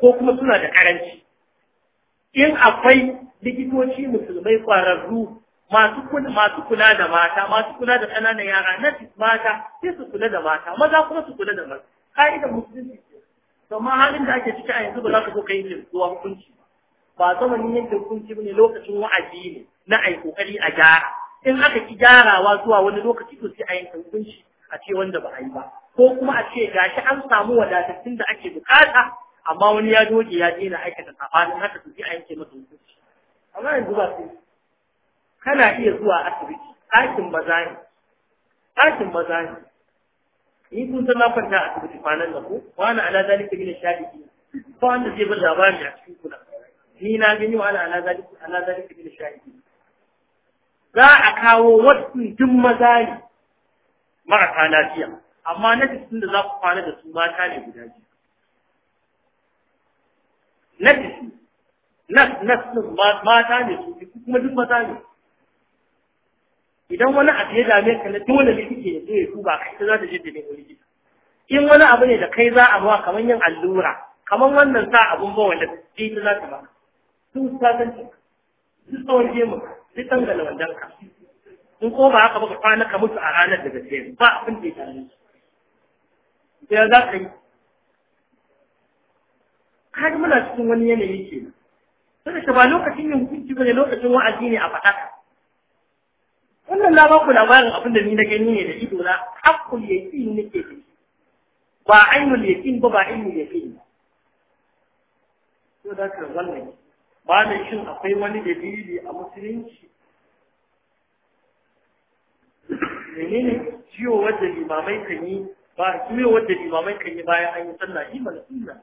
Speaker 1: ko kuma suna da karanci in akwai likitoci musulmai kwararru masu masu kula da mata masu kula da ƙananan yara na mata sai su kula da mata maza kuma su kula da maza ka'idar musulunci to ma halin da ake ciki a yanzu ba za ka zo kai yin zuwa hukunci ba ni yanke hukunci ne lokacin wa'azi ne na ai kokari a gyara in aka ki gyarawa zuwa wani lokaci to sai a yanke hukunci a ce wanda ba a yi ba ko kuma a ce gashi an samu wadatattun da ake bukata amma wani ya doge ya daina aikata sabanin haka to sai a yanke masa hukunci amma yanzu ba sai kana iya zuwa asibiti ɗakin maza ne ɗakin maza ne ni kun san na kwanta a asibiti kwanan da ko wani ala zalika min shahidi Ko wanda zai bar labarin a cikin kula ni na gani wani ala zalika ala zalika min shahidi za a kawo wasu jin maza ne marasa lafiya amma na cikin da za ku kwana da su mata ne guda biyu na cikin nas nas mata ne su kuma duk maza ne idan wani abu ya dame ka na dole ne kike ya zo ya kai ta ita za ta je da likita in wani abu ne da kai za a ruwa kamar yin allura kamar wannan sa abun ba wanda ta za ta ba. su ta san ki su tsawon gemu su tangala wannan ka in ko ba haka ba ka kwana ka mutu a ranar da gaske ba abin da ya dame ki ya za ka yi har muna cikin wani yanayi ke saboda ba lokacin yin hukunci ne lokacin wa'azi ne a faɗaka wannan na ba ku labarin abin da ni na gani ne da ido na hakkul yaqin nake da ba ainul yaqin ba ba ainul yaqin to da ka wannan ba ne shin akwai wani dalili a musulunci menene ciwo wadda limamai kan yi ba ciwo wadda limamai kan yi bayan an yi sallah yi mana sunna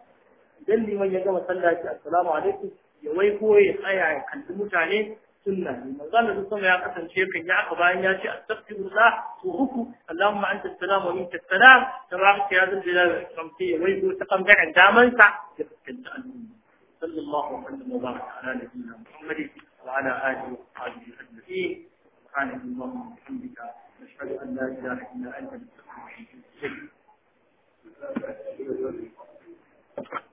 Speaker 1: idan liman ya gama sallah ya assalamu alaikum ya wai ko ya tsaya ya kalli mutane sunna ne manzo sama ya kasance kan ya aka bayan ya ce astaghfirullah to uku allahumma anta salam wa minka salam tabaraka ya zul jalal wal ikram sai ya waigo ta bangaren daman sa ya fuskanta al'umma sallallahu alaihi wa baraka ala nabiyyina muhammad wa ala alihi wa sahbihi ajma'in subhanaka wa bihamdika nashhadu an la ilaha illa anta wa